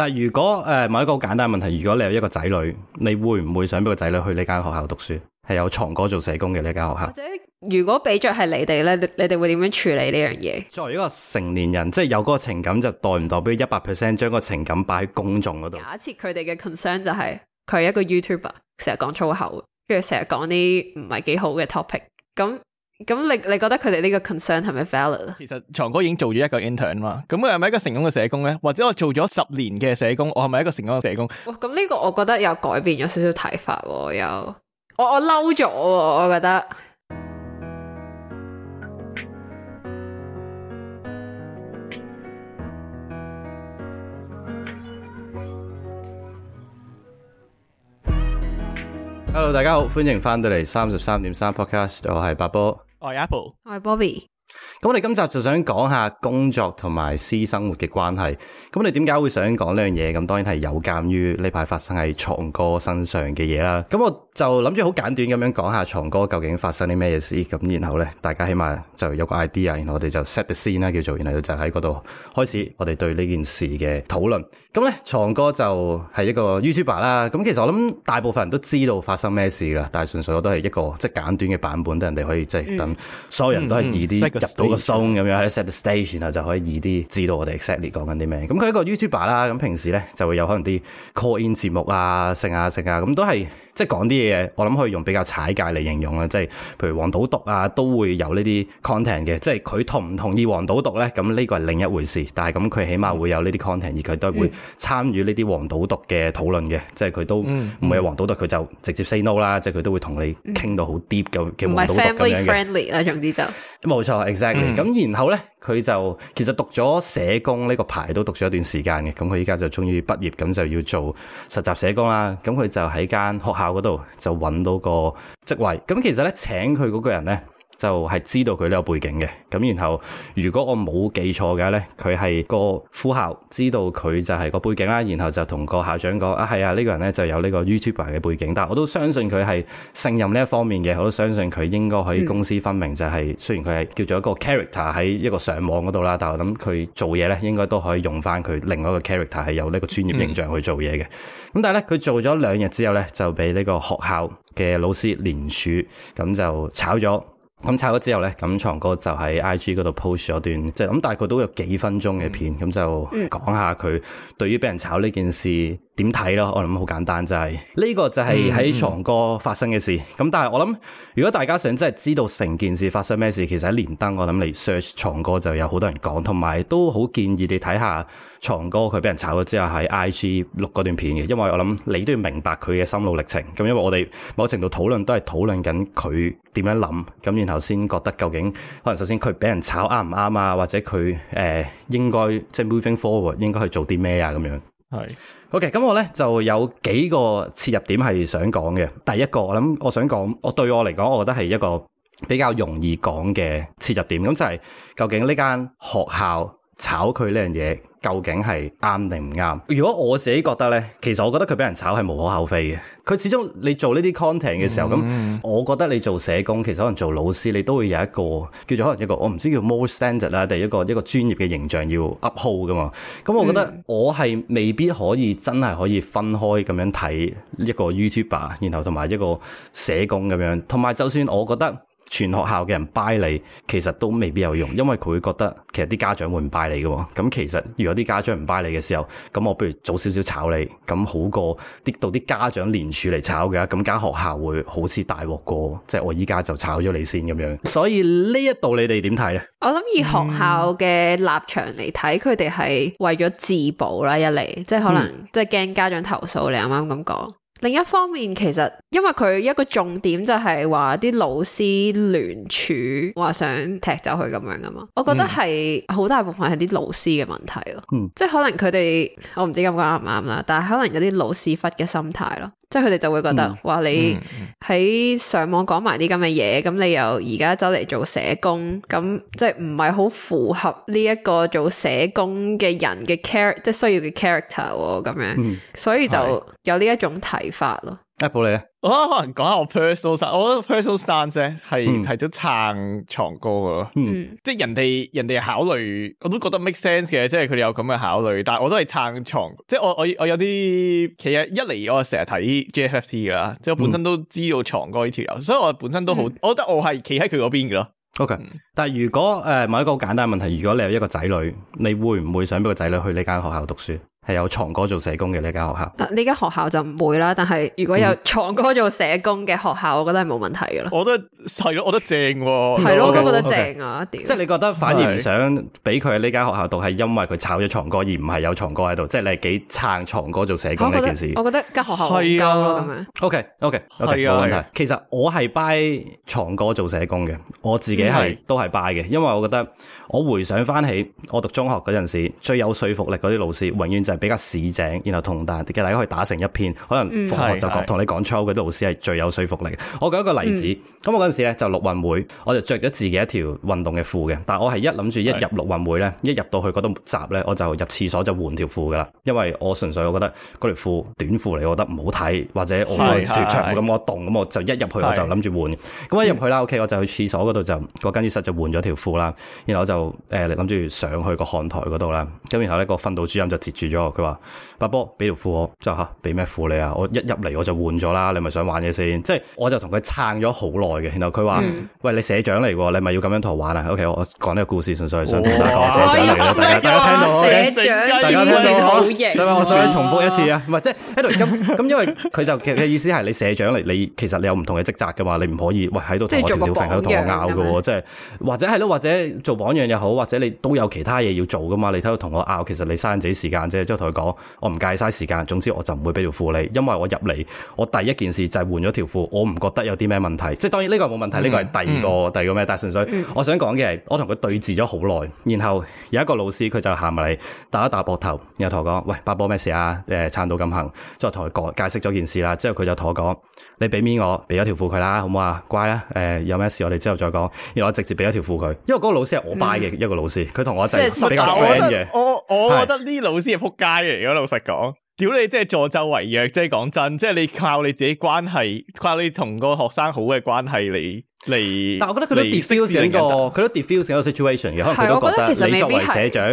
但如果誒、呃、某一個簡單問題，如果你有一個仔女，你會唔會想俾個仔女去呢間學校讀書？係有藏哥做社工嘅呢間學校。或者如果俾着係你哋咧，你哋會點樣處理呢樣嘢？作為一個成年人，即係有嗰個情感，就代唔代表一百 percent 將個情感擺喺公眾嗰度？假設佢哋嘅 concern 就係佢係一個 YouTuber，成日講粗口，跟住成日講啲唔係幾好嘅 topic，咁。咁你你覺得佢哋呢個 concern 係咪 valid？其實長哥已經做咗一個 intern 啊嘛，咁佢係咪一個成功嘅社工咧？或者我做咗十年嘅社工，我係咪一個成功嘅社工？哇！咁呢個我覺得有改變咗少少睇法啊，又我我嬲咗啊，我覺得。Hello，大家好，歡迎翻到嚟三十三點三 podcast，我係八波。我係 Apple，我係 Bobby。咁我哋今集就想講下工作同埋私生活嘅關係。咁我哋點解會想講呢樣嘢？咁當然係有鑒於呢排發生喺創哥身上嘅嘢啦。咁我。就諗住好簡短咁樣講下牀哥究竟發生啲咩嘢事，咁然後咧，大家起碼就有個 idea，然後我哋就 set the scene 啦，叫做，然後就喺嗰度開始我哋對呢件事嘅討論。咁咧，牀哥就係一個 YouTuber 啦。咁其實我諗大部分人都知道發生咩事㗎，但係純粹我都係一個即係、就是、簡短嘅版本，等人哋可以即係、嗯、等所有人都係易啲、嗯嗯、入到個 zone 咁樣，set the stage 然後就可以易啲知道我哋 exactly 講緊啲咩。咁佢一個 YouTuber 啦，咁平時咧就會有可能啲 call in 節目啊，剩啊剩啊，咁都係。即係講啲嘢，我諗可以用比較踩界嚟形容啦。即係譬如黃賭毒啊，都會有呢啲 content 嘅。即係佢同唔同意黃賭毒咧？咁呢個係另一回事。但係咁佢起碼會有呢啲 content，而佢都會參與呢啲黃賭毒嘅討論嘅。嗯、即係佢都唔係黃賭毒，佢就直接 say no 啦。即係佢都會同你傾到好 deep 嘅嘅黃賭毒咁樣嘅。唔係 family friendly 啦，friendly friendly，總之就冇錯，exactly、嗯。咁然後咧。佢就其實讀咗社工呢個牌都讀咗一段時間嘅，咁佢而家就終於畢業，咁就要做實習社工啦。咁佢就喺間學校嗰度就揾到個職位。咁其實咧，請佢嗰個人咧，就係知道佢呢個背景嘅，咁然後如果我冇記錯嘅話咧，佢係個副校知道佢就係個背景啦，然後就同個校長講啊，係啊，呢、這個人咧就有呢個 YouTuber 嘅背景，但係我都相信佢係勝任呢一方面嘅，我都相信佢應該可以公私分明、就是，就係、嗯、雖然佢係叫做一個 character 喺一個上網嗰度啦，但係我諗佢做嘢咧應該都可以用翻佢另外一個 character 係有呢個專業形象去做嘢嘅。咁、嗯、但係咧，佢做咗兩日之後咧，就俾呢個學校嘅老師聯署咁就炒咗。咁炒咗之後咧，咁床哥就喺 IG 度 post 咗段，即係咁，大概都有幾分鐘嘅片，咁、嗯、就講下佢對於俾人炒呢件事點睇咯。我諗好簡單就係、是、呢個就係喺床哥發生嘅事。咁、嗯、但係我諗，如果大家想真係知道成件事發生咩事，其實喺連登我諗嚟 search 床哥就有好多人講，同埋都好建議你睇下床哥佢俾人炒咗之後喺 IG 錄嗰段片嘅，因為我諗你都要明白佢嘅心路歷程。咁因為我哋某程度討論都係討論緊佢點樣諗，咁然。頭先覺得究竟可能首先佢俾人炒啱唔啱啊，或者佢誒、呃、應該即係、就是、moving forward 應該去做啲咩啊咁樣。係是，OK，咁我呢就有幾個切入點係想講嘅。第一個我諗我想講，我對我嚟講，我覺得係一個比較容易講嘅切入點。咁就係究竟呢間學校。炒佢呢樣嘢究竟係啱定唔啱？如果我自己覺得呢，其實我覺得佢俾人炒係無可厚非嘅。佢始終你做呢啲 content 嘅時候，咁、mm hmm. 我覺得你做社工，其實可能做老師，你都會有一個叫做可能一個我唔知叫 more standard 啦，定一個一個專業嘅形象要 uphold 噶嘛。咁我覺得我係未必可以真係可以分開咁樣睇一個 YouTuber，然後同埋一個社工咁樣。同埋就算我覺得。全學校嘅人拜你，其實都未必有用，因為佢會覺得其實啲家長會唔拜你嘅。咁其實如果啲家長唔拜你嘅時候，咁我不如早少少炒你，咁好過啲到啲家長連署嚟炒嘅。咁間學校會好似大鑊過，即係我依家就炒咗你先咁樣。所以呢一度你哋點睇呢？我諗以學校嘅立場嚟睇，佢哋係為咗自保啦一嚟，即係可能、嗯、即係驚家長投訴。你啱啱咁講。另一方面，其實因為佢一個重點就係話啲老師聯署話想踢走佢咁樣噶嘛，我覺得係好、嗯、大部分係啲老師嘅問題咯，嗯、即係可能佢哋我唔知咁講啱唔啱啦，但係可能有啲老屎忽嘅心態咯。即係佢哋就會覺得話、嗯、你喺上網講埋啲咁嘅嘢，咁、嗯、你又而家走嚟做社工，咁即係唔係好符合呢一個做社工嘅人嘅 character，即係需要嘅 character 咁、哦、樣，嗯、所以就有呢一種睇法咯。a 誒，Apple 你咧？我諗可能講下我 personal stance。我覺得 personal sense 咧係提早撐床哥噶咯。嗯、即係人哋人哋考慮，我都覺得 make sense 嘅，即係佢哋有咁嘅考慮。但係我都係撐床。即係我我我有啲其實一嚟我成日睇 JFT 噶啦，即係我本身都知道床哥呢條友，所以我本身都好，嗯、我覺得我係企喺佢嗰邊噶咯。OK，但係如果誒，問、呃、一個好簡單問題，如果你有一個仔女，你會唔會想俾個仔女去呢間學校讀書？係有床哥做社工嘅呢間學校，嗱呢間學校就唔會啦。但係如果有床哥做社工嘅學校，我覺得係冇問題嘅啦。我覺得係咯，我覺得正喎，係咯，我都覺得正啊，屌！即係你覺得反而唔想俾佢喺呢間學校度，係因為佢炒咗床哥，而唔係有床哥喺度。即係你係幾撐床哥做社工呢件事？我覺得間學校係啊，咁樣。OK OK，一定冇問題。其實我係 buy 床哥做社工嘅，我自己係都係 buy 嘅，因為我覺得。我回想翻起我讀中學嗰陣時，最有說服力嗰啲老師，永遠就係比較市井，然後同大嘅大家去打成一片。可能放學就覺得同你講粗口嘅啲老師係最有說服力。我舉一個例子，咁我嗰陣時咧就陸運會，我就着咗自己一條運動嘅褲嘅。但係我係一諗住一入陸運會咧，一入到去嗰度集咧，我就入廁所就換條褲噶啦。因為我純粹我覺得嗰條褲短褲嚟，我覺得唔好睇，或者我覺得脫出冇咁多洞，咁我就一入去我就諗住換。咁一入去啦，OK，我就去廁所嗰度就個更衣室就換咗條褲啦，然後我就。誒，你諗住上去個看台嗰度啦，咁然後呢個訓導主任就截住咗佢話：，八波，俾條褲我。即係吓，俾咩褲你啊？我一入嚟我就換咗啦，你咪想玩嘢先。即係我就同佢撐咗好耐嘅，然後佢話：，喂，你社長嚟，你咪要咁樣同我玩啊？OK，我講呢個故事純粹想同大家講一講。大家聽到。社長，大家好。所以我想重複一次啊，唔係即係喺度咁咁，因為佢就其實意思係你社長嚟，你其實你有唔同嘅職責噶嘛，你唔可以喂喺度同我跳，成日同我拗噶，即係或者係咯，或者做榜樣又好，或者你都有其他嘢要做噶嘛。你睇到同我拗，其實你嘥自己時間啫。即係同佢講，我唔介意嘥時間，總之我就唔會俾條褲你，因為我入嚟，我第一件事就係換咗條褲，我唔覺得有啲咩問題。即係當然呢個冇問題，呢、這個係第二個、嗯嗯、第二個咩？但係純粹我想講嘅係，我同佢對峙咗好耐，然後有一個老師佢就行埋嚟，打一打膊頭，然後同我講：，喂，八哥咩事啊？誒、呃，撐到咁行，之後同佢講解釋咗件事啦、啊。之後佢就同我講：，嗯、你俾面我，俾咗條褲佢啦，好唔好啊？乖啦、啊，誒、呃，有咩事我哋之後再講。然後我直接俾咗條褲佢，因為嗰個老師係我一個老師，佢同我一齊識啲 friend 嘅。我我覺得呢友老師係撲街嚟，如果是老實講，屌你即係助紂為虐，即係講真，即係你靠你自己關係，靠你同個學生好嘅關係你。嚟，但係我覺得佢都 diffuse 成個、嗯，佢都 diffuse 成個 situation 嘅。可能佢都覺得其實你作為社長，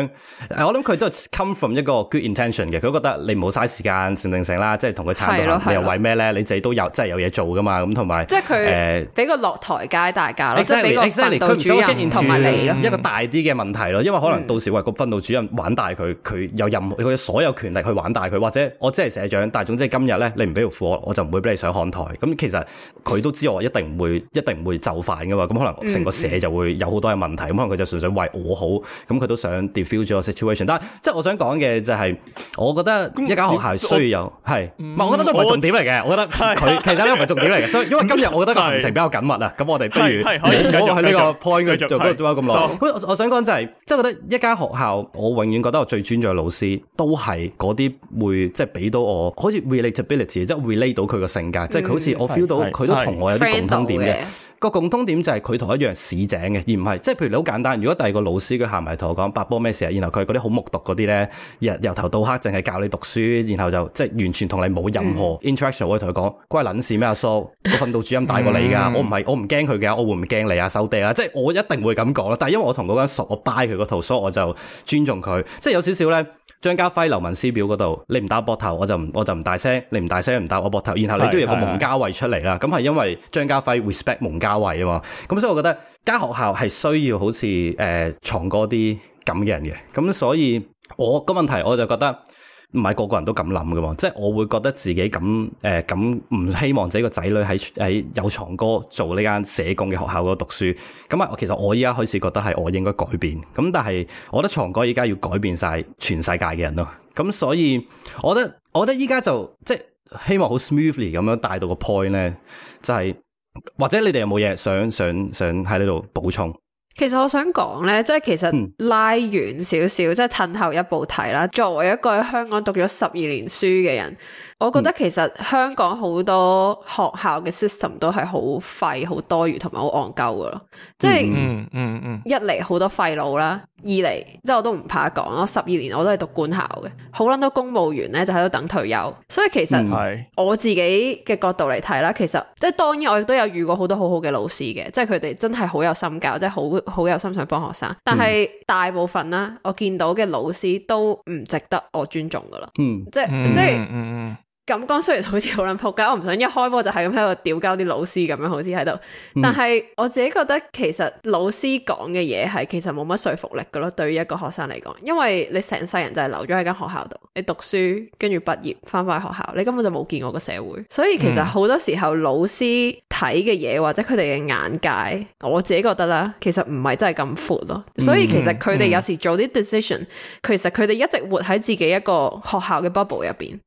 嗯、我諗佢都 come from 一個 good intention 嘅。佢覺得你唔好嘥時間成定性啦，即係同佢撐到，了你又為咩咧？你自己都有即係有嘢做噶嘛？咁同埋，即係佢誒俾個落台階大家咯。Exactly, 即係你個分道主任同埋你一個大啲嘅問題咯。因為可能到時喂個分道主任玩大佢，佢有任何佢嘅所有權力去玩大佢，或者我即係社長，但係總之今日咧，你唔俾條褲我，我就唔會俾你上看台。咁其實佢都知我一定唔會，一定唔會。就犯噶嘛，咁可能成個社就會有好多嘅問題，可能佢就純粹為我好，咁佢都想 defuse 咗個 situation。但係即係我想講嘅就係，我覺得一間學校需要有，係唔係？我覺得都唔係重點嚟嘅。我覺得佢其實都唔係重點嚟嘅。所以因為今日我覺得個行程比較緊密啊，咁我哋不如我喺呢個 point 繼續做咗咁耐。我想講就係，即係覺得一間學校，我永遠覺得我最尊重嘅老師都係嗰啲會即係俾到我好似 relatability，即係 relate 到佢個性格，即係佢好似我 feel 到佢都同我有啲共通點嘅。個共通點就係佢同一樣市井嘅而唔係即係譬如你好簡單，如果第二個老師佢行埋同我講八波咩事啊？然後佢嗰啲好木讀嗰啲咧，日日由頭到黑淨係教你讀書，然後就即係完全同你冇任何 interaction。我可以同佢講，關撚事咩啊叔，訓導主任帶過嚟㗎，我唔係我唔驚佢嘅，我會唔驚你啊收爹啦，即係我一定會咁講啦。但係因為我同嗰間 shop 我 buy 佢個套 shop 我就尊重佢，即係有少少咧。張家輝留文思表嗰度，你唔打膊頭，我就唔我就唔大聲，你唔大聲唔打我膊頭，然後你都要個蒙嘉慧出嚟啦，咁係因為張家輝 respect 蒙嘉慧啊嘛，咁所以我覺得間學校係需要好似誒藏哥啲咁嘅人嘅，咁所以我個問題我就覺得。唔係個個人都咁諗噶喎，即係我會覺得自己咁誒咁唔希望自己個仔女喺喺有床哥做呢間社工嘅學校度讀書，咁啊，其實我依家開始覺得係我應該改變，咁但係我覺得床哥依家要改變晒全世界嘅人咯，咁所以我覺得我覺得依家就即係希望好 smoothly 咁樣帶到個 point 咧，就係或者你哋有冇嘢想想想喺呢度補充？其實我想講咧，即係其實拉遠少少，嗯、即係褪後一步睇啦。作為一個喺香港讀咗十二年書嘅人，我覺得其實香港好多學校嘅 system 都係好廢、好多餘同埋好戇鳩噶咯。即係、嗯，嗯嗯嗯，一嚟好多廢老啦，二嚟即係我都唔怕講咯。我十二年我都係讀官校嘅，好捻多公務員咧就喺度等退休。所以其實、嗯、我自己嘅角度嚟睇啦，其實即係當然我亦都有遇過好多好好嘅老師嘅，即係佢哋真係好有心教，即係好。好有心想幫學生，但係大部分啦，嗯、我見到嘅老師都唔值得我尊重噶啦，嗯，即係即係，嗯，嗯。感覺雖然好似好撚撲街，我唔想一開波就係咁喺度屌交啲老師咁樣，好似喺度。但係我自己覺得，其實老師講嘅嘢係其實冇乜說服力噶咯，對於一個學生嚟講，因為你成世人就係留咗喺間學校度，你讀書跟住畢業翻返學校，你根本就冇見過個社會。所以其實好多時候老師睇嘅嘢或者佢哋嘅眼界，我自己覺得啦，其實唔係真係咁闊咯。所以其實佢哋有時做啲 decision，其實佢哋一直活喺自己一個學校嘅 bubble 入邊，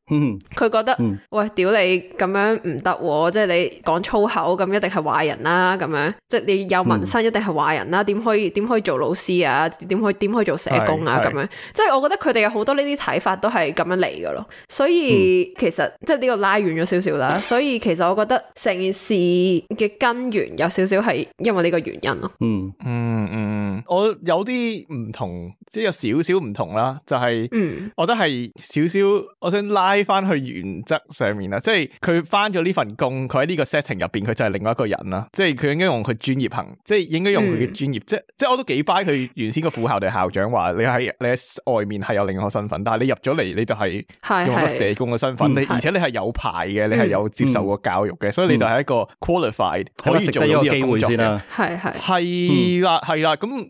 佢覺得。嗯、喂，屌你咁樣唔得、啊，即、就、係、是、你講粗口咁一定係壞人啦、啊，咁樣即係、就是、你有紋身一定係壞人啦、啊，點、嗯、可以點可以做老師啊？點可以點可以做社工啊？咁是樣，即係是我覺得佢哋有好多呢啲睇法都係咁樣嚟噶咯，所以其實即係呢個拉遠咗少少啦。所以其實我覺得成件事嘅根源有少少係因為呢個原因咯嗯。嗯嗯嗯。嗯。我有啲唔同，即係有少少唔同啦，就係、是，我覺得係少少，我想拉翻去原則上面啦，即係佢翻咗呢份工，佢喺呢個 setting 入邊，佢就係另外一個人啦，即係佢應該用佢專業行，即係應該用佢嘅專業，嗯、即係即係我都幾 buy 佢原先個副校定校長話，你喺你喺外面係有另外身份，但係你入咗嚟你就係用個社工嘅身份，你是而且你係有牌嘅，你係有接受過教育嘅，所以你就係一個 qualified 可以做到值得呢個機會先啦，係係係啦係啦咁。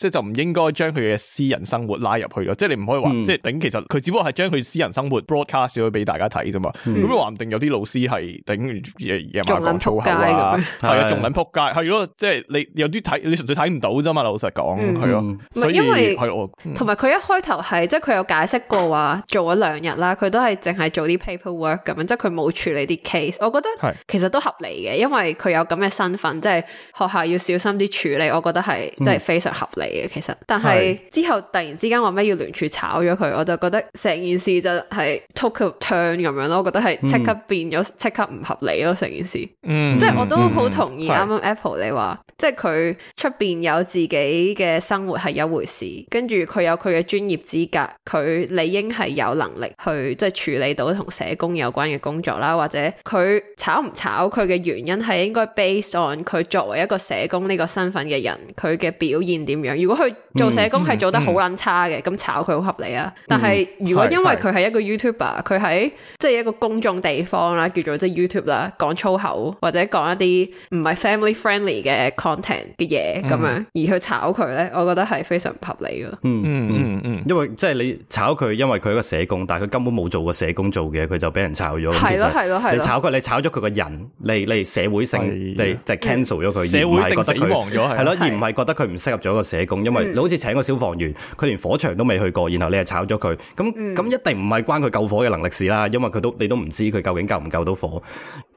即係就唔應該將佢嘅私人生活拉入去咯。即係你唔可以話，嗯、即係頂其實佢只不過係將佢私人生活 broadcast 咗俾大家睇啫嘛。咁又話唔定有啲老師係頂夜麻麻講粗口啦，係啊的，仲撚撲街係咯。即係你有啲睇，你純粹睇唔到啫嘛。老實講係咯，唔係、嗯、因為同埋佢一開頭係即係佢有解釋過話做咗兩日啦，佢都係淨係做啲 paperwork 咁樣，即係佢冇處理啲 case。我覺得其實都合理嘅，因為佢有咁嘅身份，即係學校要小心啲處理，我覺得係即係非常合理。嗯嗯。其實，但係是之後突然之間話咩要聯署炒咗佢，我就覺得成件事就係 took a turn 咁樣咯。我覺得係即刻變咗，即、嗯、即刻唔合理咯成件事。嗯，即係我都好同意啱啱、嗯、Apple 你話，是即係佢出邊有自己嘅生活係一回事，跟住佢有佢嘅專業資格，佢理應係有能力去即係處理到同社工有關嘅工作啦。或者佢炒唔炒佢嘅原因係應該 base on 佢作為一個社工呢個身份嘅人，佢嘅表現點樣。如果佢做社工係做得好撚差嘅，咁、嗯嗯、炒佢好合理啊。嗯、但係如果因為佢係一個 YouTuber，佢喺即、嗯、係一個公眾地方啦，叫做即係 YouTube 啦，講粗口或者講一啲唔係 family friendly 嘅 content 嘅嘢咁樣，而去炒佢咧，我覺得係非常唔合理嘅、嗯。嗯嗯嗯嗯，嗯、因為即係你炒佢，因為佢係一個社工，但係佢根本冇做過社工做嘅，佢就俾人炒咗。係咯，係咯，係你炒佢，你炒咗佢個人，你你社會性你就 cancel 咗佢，而唔係覺得佢係咯，而唔係覺得佢唔適合做一個社。你因為你好似請個消防員，佢連火場都未去過，然後你就炒咗佢，咁咁一定唔係關佢救火嘅能力事啦，因為佢都你都唔知佢究竟救唔救到火。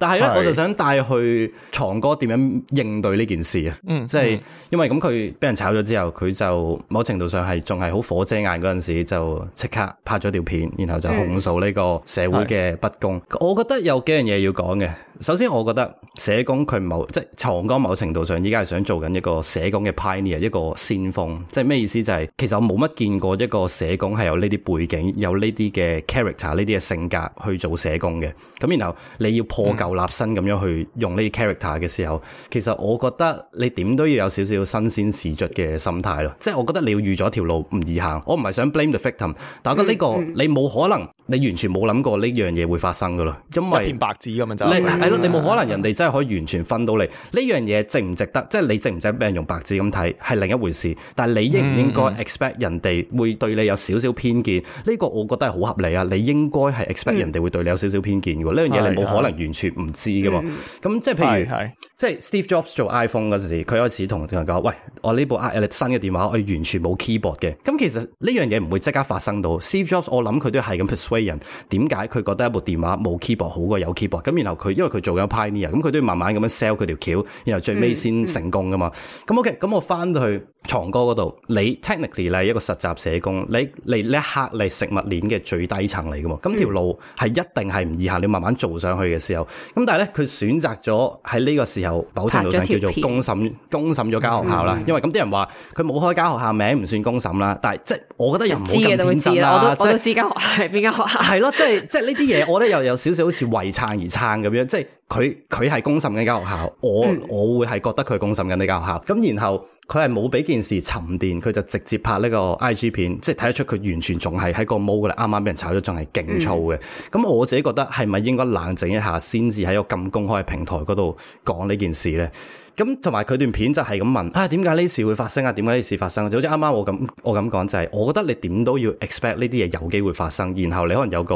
但係咧，是我就想帶佢去藏哥點樣應對呢件事啊！嗯，即係因為咁，佢俾人炒咗之後，佢就某程度上係仲係好火遮眼嗰陣時，就即刻拍咗條片，然後就控訴呢個社會嘅不公。嗯、我覺得有幾樣嘢要講嘅。首先，我覺得社工佢某即係藏哥某程度上依家係想做緊一個社工嘅 pioneer，一個先鋒。即係咩意思？就係，就係其實我冇乜見過一個社工係有呢啲背景，有呢啲嘅 character、呢啲嘅性格去做社工嘅。咁然後你要破舊，嗯。立身咁樣去用呢 character 嘅時候，其實我覺得你點都要有少少新鮮事卒嘅心態咯。即係我覺得你要預咗條路唔易行，我唔係想 blame the victim，但係我覺得呢個你冇可能。你完全冇諗過呢樣嘢會發生噶啦，因為一片白紙咁樣就係咯，你冇、嗯、可能人哋真係可以完全分到你呢樣嘢值唔值得，即、就、係、是，你值唔值俾人用白紙咁睇係另一回事。但係你應唔應該 expect、嗯、人哋會對你有少少偏見？呢、呢個我覺得係好合理啊！你應該係 expect、嗯、人哋會對你有少少偏見嘅喎，呢樣嘢你冇可能完全唔知噶嘛。咁、嗯、即係譬如，即係 Steve Jobs 做 iPhone 嗰陣時，佢開始同人講，喂，我呢部新嘅電話我完全冇 keyboard 嘅。咁其實呢樣嘢唔會即刻發生到。 Steve Jobs 我諗佢都係咁。人，點解佢覺得一部電話冇 keyboard 好過有 keyboard？咁然後佢因為佢做緊 pioneer，咁佢都要慢慢咁樣 sell 佢條橋，然後最尾先成功噶嘛。咁、嗯嗯嗯、OK，咁、嗯、我翻到去床哥嗰度，你 technically 咧一個實習社工，你嚟呢一刻嚟食物鏈嘅最低層嚟噶嘛。咁、嗯嗯、條路係一定係唔易行，你慢慢做上去嘅時候。咁但係咧，佢選擇咗喺呢個時候，某程度上叫做公審公審咗間學校啦。嗯、因為咁啲人話佢冇開間學校名唔算公審啦。但係即係我覺得又唔好咁天真啦。我都知間學校係邊間。係咯 ，即係即係呢啲嘢，我咧又有少少好似為撐而撐咁樣，即係佢佢係公審緊間學校，嗯、我我會係覺得佢公審緊呢間學校，咁然後佢係冇俾件事沉澱，佢就直接拍呢個 I G 片，即係睇得出佢完全仲係喺個毛噶啦，啱啱俾人炒咗仲係勁燥嘅，咁、嗯、我自己覺得係咪應該冷靜一下，先至喺個咁公開嘅平台嗰度講呢件事咧？咁同埋佢段片就係咁問啊，點解呢事會發生啊？點解呢事發生？就好似啱啱我咁我咁講就係、是，我覺得你點都要 expect 呢啲嘢有機會發生，然後你可能有個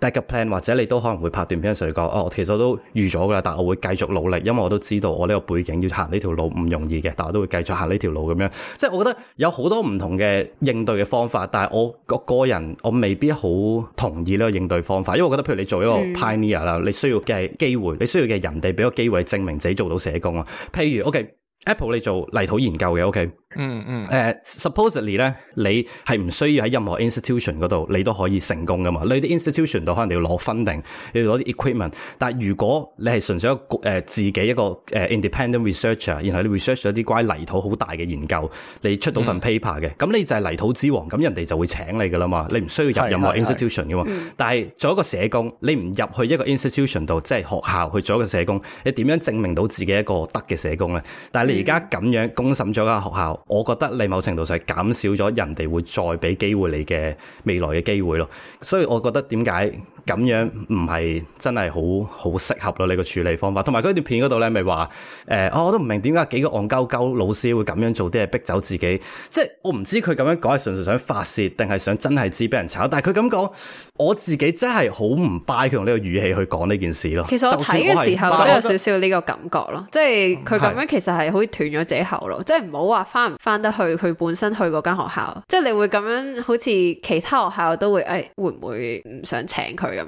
backup plan，或者你都可能會拍段片嘅時候講，哦，其實我都預咗噶啦，但我會繼續努力，因為我都知道我呢個背景要行呢條路唔容易嘅，但我都會繼續行呢條路咁樣。即係我覺得有好多唔同嘅應對嘅方法，但係我，我個個人我未必好同意呢個應對方法，因為我覺得譬如你做一個 pioneer 啦、嗯，你需要嘅機會，你需要嘅人哋俾個機會證明自己做到社工啊。譬如，OK，Apple 你做泥土研究嘅，OK。嗯嗯，誒、uh, supposedly 咧，你係唔需要喺任何 institution 度，你都可以成功噶嘛？你啲 institution 度可能你要攞 funding，你要攞啲 equipment，但係如果你係純粹一個、呃、自己一個誒 independent researcher，然後你 research 咗啲關泥土好大嘅研究，你出到份 paper 嘅，咁、嗯、你就係泥土之王，咁人哋就會請你噶啦嘛。你唔需要入任何 institution 噶嘛。是是是，但係做一個社工，你唔入去一個 institution 度，即係學校去做一個社工，你點樣證明到自己一個得嘅社工咧？但係你而家咁樣公審咗間學校。我覺得你某程度上係減少咗人哋會再畀機會你嘅未來嘅機會咯，所以我覺得點解？咁樣唔係真係好好適合咯，你個處理方法。同埋佢一段片嗰度咧，咪話誒，我都唔明點解幾個戇鳩鳩老師會咁樣做啲嘢，逼走自己。即係我唔知佢咁樣講係純粹想發泄，定係想真係知俾人炒？但係佢咁講，我自己真係好唔 buy 佢用呢個語氣去講呢件事咯。其實我睇嘅時候都有少少呢個感覺咯，即係佢咁樣其實係好似斷咗後路咯，是的 即係唔好話翻唔翻得去佢本身去嗰間學校。即係你會咁樣好似其他學校都會誒、哎，會唔會唔想請佢？咁樣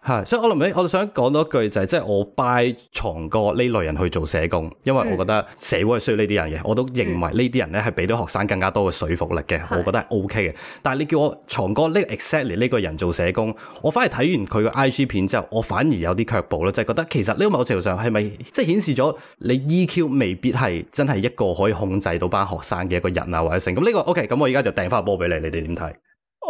係，所以我諗起，我就想講多一句就係、是、即、就、係、是、我拜藏哥呢類人去做社工，因為我覺得社會係需要呢啲人嘅，我都認為呢啲人咧係俾到學生更加多嘅說服力嘅，我覺得係 O K 嘅。但係你叫我藏哥呢個 exactly 呢個人做社工，我反而睇完佢個 I G 片之後，我反而有啲卻步啦，就係、是、覺得其實呢個某程度上係咪即係顯示咗你 EQ 未必係真係一個可以控制到班學生嘅一個人啊，或者成咁呢個 O K？咁我而家就掟翻波俾你，你哋點睇？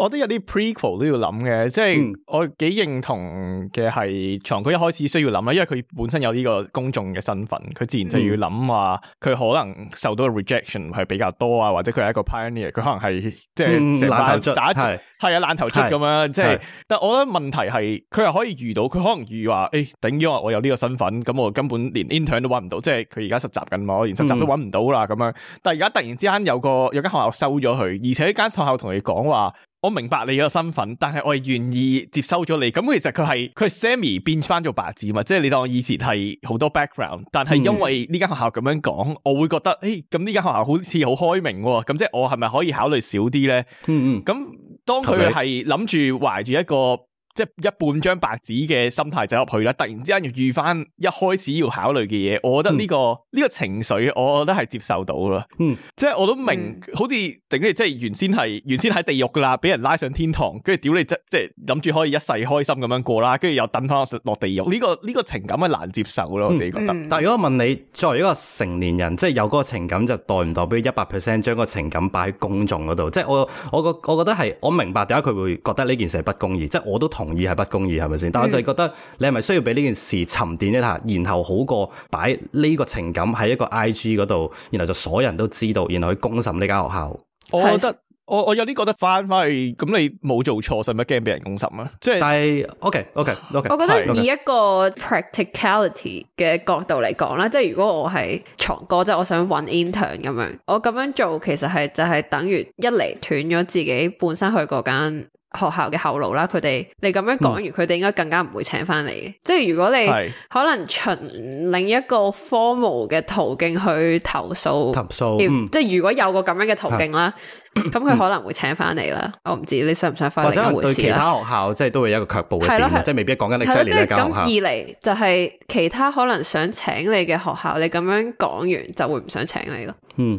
我覺得有啲 prequel 都要諗嘅，即係我幾認同嘅係從佢一開始需要諗啦，因為佢本身有呢個公眾嘅身份，佢自然就要諗話佢可能受到嘅 rejection 係比較多啊，或者佢係一個 pioneer，佢可能係即係爛頭打係係啊爛頭卒咁樣，即係。但係我覺得問題係佢係可以遇到，佢可能遇話誒，頂住我有呢個身份，咁我根本連 intern 都揾唔到，即係佢而家實習緊我，連實習都揾唔到啦咁樣。但係而家突然之間有個有間學校收咗佢，而且間學校同你講話。我明白你個身份，但係我係願意接收咗你。咁其實佢係佢係 semi 變翻做白紙嘛，即係你當我以前係好多 background，但係因為呢間學校咁樣講，我會覺得，誒、欸，咁呢間學校好似好開明、哦，咁即係我係咪可以考慮少啲咧？嗯嗯。咁當佢係諗住懷住一個。即係一半張白紙嘅心態走入去啦，突然之間要遇翻一開始要考慮嘅嘢，我覺得呢個，嗯，呢個情緒，我覺得係接受到㗎啦。嗯，即係我都明，好似點解即係原先係原先喺地獄噶啦，俾人拉上天堂，跟住屌你即即係諗住可以一世開心咁樣過啦，跟住又等翻落地獄。呢個呢個情感係難接受咯，嗯、我自己覺得。但係如果問你作為一個成年人，即係有嗰個情感，就代唔代表一百 percent 將個情感擺喺公眾嗰度？即係我我個我，我覺得係我明白點解佢會覺得呢件事係不公義，即係我都同。同意係不公義係咪先？但我就係覺得你係咪需要俾呢件事沉澱一下，然後好過擺呢個情感喺一個 I G 嗰度，然後就所有人都知道，然後去公審呢間學校。我覺得是我我有啲覺得翻翻去咁你冇做錯，使乜驚俾人公審啊？即係，但係 OK OK OK。我覺得以一個 practicality 嘅角度嚟講啦，即係如果我係藏歌，即係我想揾 intern 咁樣，我咁樣做其實係就係等於一嚟斷咗自己本身去嗰間學校嘅後路啦，佢哋你咁樣講完，佢哋應該更加唔會請翻你嘅。即係如果你可能循另一個 formal 嘅途徑去投訴，投訴，嗯、即係如果有個咁樣嘅途徑啦，咁佢、嗯、可能會請翻、嗯、你啦。我唔知你想唔想翻呢一回事或者對其他學校，即係都會有一個卻步嘅變即係未必講緊你嘅即係咁二嚟就係其他可能想請你嘅學校，你咁樣講完就會唔想請你咯。嗯。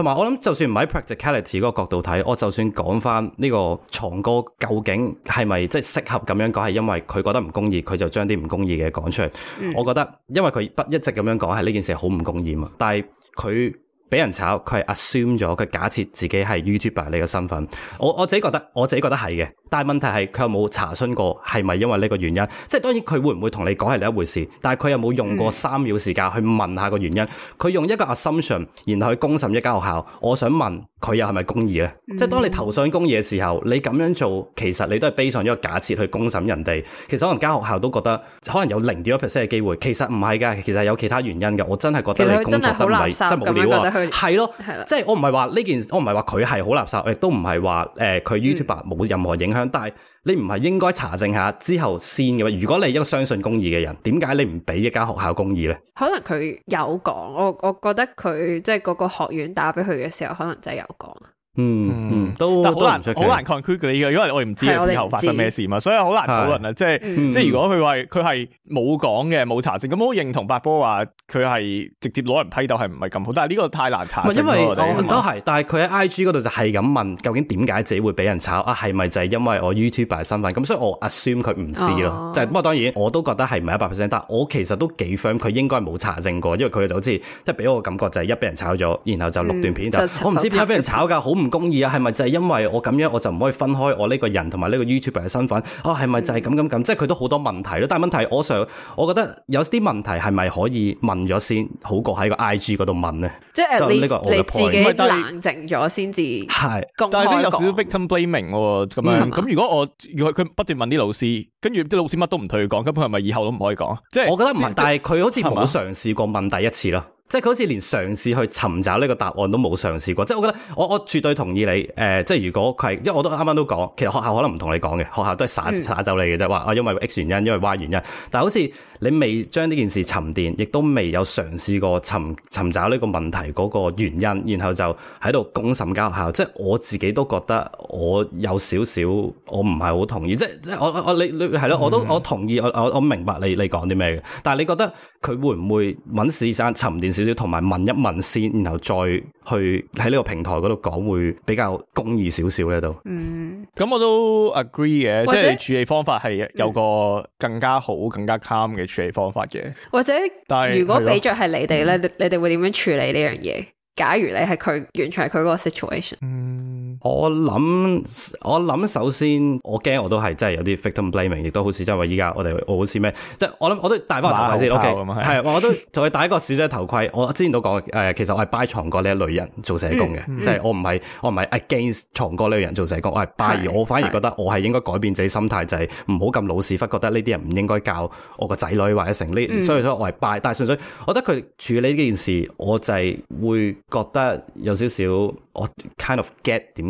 同埋我諗，就算唔喺 practicality 嗰個角度睇，我就算講翻呢個藏哥究竟係咪即係適合咁樣講？係因為佢覺得唔公義，佢就將啲唔公義嘅講出嚟。嗯。我覺得，因為佢不一直咁樣講，係呢件事好唔公義嘛。但係佢，俾人炒，佢係 assume 咗，佢假設自己係 YouTuber 你個身份。我我自己覺得，我自己覺得係嘅。但係問題係佢有冇查詢過係咪因為呢個原因？即係當然佢會唔會同你講係另一回事。但係佢有冇用過三秒時間去問下個原因？佢、嗯、用一個 assumption 然後去公審一間學校。我想問佢又係咪公義咧？嗯、即係當你投上公義嘅時候，你咁樣做其實你都係背上一個假設去公審人哋。其實可能間學校都覺得可能有零點一 percent 嘅機會，其實唔係㗎，其實有其他原因㗎。我真係覺得你工作得唔係真係冇料。係咯，即係係啦，我唔係話呢件事，我唔係話佢係好垃圾，亦都唔係話誒佢 YouTube 冇任何影響，嗯、但係你唔係應該查證下之後先嘅。如果你係一個相信公義嘅人，點解你唔俾一間學校公義咧？可能佢有講，我我覺得佢即係嗰個學院打俾佢嘅時候，可能真係有講。嗯都好難好難 conclude 嘅，因為我唔知以後發生咩事嘛，所以好難討論啊！即係即係如果佢話佢係冇講嘅冇查證，咁我認同白波話佢係直接攞人批鬥係唔係咁好，但係呢個太難查。唔因為都係，但係佢喺 IG 嗰度就係咁問，究竟點解自己會俾人炒啊？係咪就係因為我 YouTuber 身份？咁所以我 assume 佢唔知咯。但係不過當然我都覺得係唔係一百 percent，但係我其實都幾 firm 佢應該冇查證過，因為佢就好似即係俾我感覺就係一俾人炒咗，然後就錄段片就我唔知點解俾人炒噶，好唔～公義啊，係咪就係因為我咁樣我就唔可以分開我呢個人同埋呢個 YouTuber 嘅身份啊？係咪就係咁咁咁？嗯、即係佢都好多問題咯。但係問題，我想我覺得有啲問題係咪可以問咗先，好過喺個 IG 嗰度問咧？即係是呢個我你自己冷靜咗先至。係。但係都對有少少 victim blaming 喎。咁樣咁如果我如果佢不斷問啲老師，跟住啲老師乜都唔同佢講，咁佢係咪以後都唔可以講？即係、就是、我覺得唔係，嗎但係佢好似冇嘗試過問第一次咯。即係佢好似連嘗試去尋找呢個答案都冇嘗試過，即係我覺得我我絕對同意你，誒、呃，即係如果佢係，即係我都啱啱都講，其實學校可能唔同你講嘅，學校都係耍、嗯、耍走你嘅啫，話啊因為 X 原因，因為 Y 原因，但係好似你未將呢件事沉澱，亦都未有嘗試過尋尋找呢個問題嗰個原因，然後就喺度攻審間學校，即係我自己都覺得我有少少我唔係好同意，即係即係我我，我你你係咯，我都我同意，我我我明白你你講啲咩嘅，但係你覺得佢會唔會揾史生沉澱。少少同埋問一問先，然後再去喺呢個平台嗰度講會比較公義少少咧都。嗯，咁我都 agree 嘅，即係你處理方法係有個更加好、嗯、更加 calm 嘅處理方法嘅。或者，但係是如果俾着係你哋咧，嗯、你哋會點樣處理呢樣嘢？假如你係佢，完全係佢嗰個 situation。嗯。我諗我諗，首先我驚我都係真係有啲 victim blaming，亦都好似即係話依家我哋我好似咩？即係我諗我都戴翻個頭盔先，OK，係，我都再戴一個小姐頭盔。我之前都講過，其實我係拜藏哥呢一類人做社工嘅。嗯嗯、即係我唔係我唔係 against 藏哥呢類人做社工，我係拜是。而我反而覺得我係應該改變自己心態，就係唔好咁老屎忽，覺得呢啲人唔應該教我個仔女或者成呢，嗯、所以所以我係拜。但係純粹，我覺得佢處理呢件事，我就係會覺得有少少，我 kind of get 點。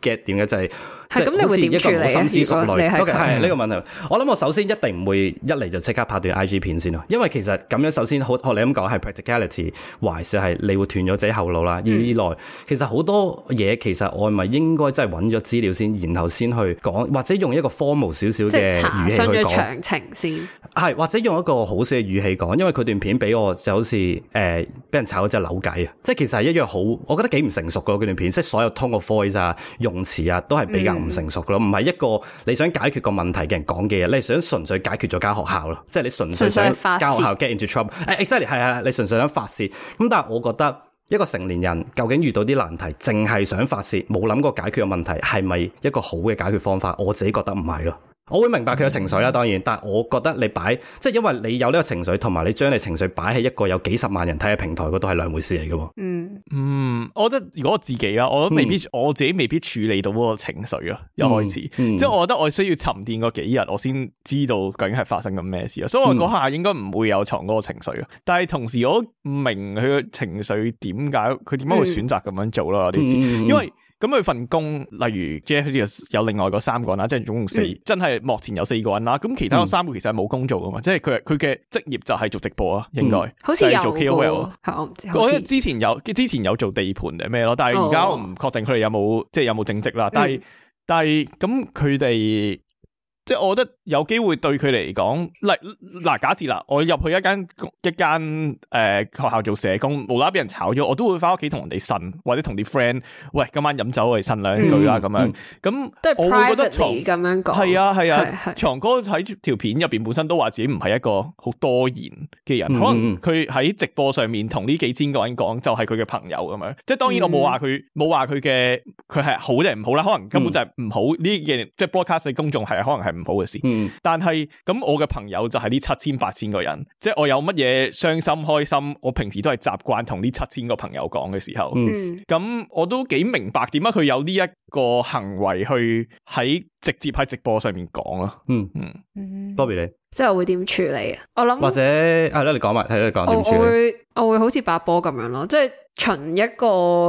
get 點解就係係咁？你會點處理？係係呢個問題。我諗我首先一定唔會一嚟就即刻拍段 IG 片先咯。因為其實咁樣首先學學你咁講係 practicality，壞曬係你會斷咗自己後路啦。二來其實好多嘢其實我咪應該真係揾咗資料先，然後先去講，或者用一個 formal 少少嘅語氣去講。即長情先。係或者用一個好少嘅語氣講，因為佢段片俾我就好似誒俾人炒咗隻扭計啊！即係其實係一樣好，我覺得幾唔成熟嗰段片，即係所有 tone of voice 用詞啊，都係比較唔成熟咯，唔係、嗯、一個你想解決個問題嘅人講嘅嘢，你想純粹解決咗間學校咯，即係你純粹想間學校 get into trouble，誒、嗯哎、exactly 係係，你純粹想發泄。咁但係我覺得一個成年人究竟遇到啲難題，淨係想發泄，冇諗過解決個問題係咪一個好嘅解決方法，我自己覺得唔係咯。我會明白佢嘅情緒啦，當然，但係我覺得你擺，即係因為你有呢個情緒，同埋你將你情緒擺喺一個有幾十萬人睇嘅平台嗰度，係兩回事嚟㗎。嗯嗯，我覺得如果我自己啦，我都未必、嗯、我自己未必處理到嗰個情緒啊。一開始，嗯嗯、即係我覺得我需要沉澱嗰幾日，我先知道究竟係發生緊咩事啊。所以我嗰下應該唔會有藏嗰個情緒啊。嗯、但係同時我，我都唔明佢情緒點解，佢點解會選擇咁樣做有啲事，嗯嗯嗯、因為。咁佢份工，例如 j 有另外嗰三個人，即係總共四，嗯、真係目前有四個人啦。咁其他三個其實係冇工做噶嘛，嗯、即係佢佢嘅職業就係做直播啊，應該就係做 KOL、嗯。係我之前有之前有做地盤嘅咩咯，但係而家我唔確定佢哋有冇、哦、即係有冇正職啦。但係、嗯、但係咁佢哋。即係我覺得有機會對佢嚟講，嗱嗱假設嗱，我入去一間一間誒學校做社工，無啦啦俾人炒咗，我都會翻屋企同人哋呻，或者同啲 friend，喂今晚飲酒啊，呻兩句啊咁樣。咁我會覺得從咁樣講，係啊係啊，長哥喺條片入邊本身都話自己唔係一個好多言嘅人，可能佢喺直播上面同呢幾千個人講，就係佢嘅朋友咁樣。即係當然我冇話佢冇話佢嘅佢係好定唔好啦，可能根本就係唔好呢樣，即係 broadcast 嘅公眾係可能係。唔好嘅事，嗯，但係咁我嘅朋友就係呢七千八千個人，即係我有乜嘢傷心開心，我平時都係習慣同呢七千個朋友講嘅時候，嗯，咁我都幾明白點解佢有呢一個行為去喺直接喺直播上面講咯，嗯嗯、嗯，Bobby 你即係我會點處理啊？我諗或者係咧，你講埋，睇你講點處理，我會我會好似八波咁樣咯，即係循一個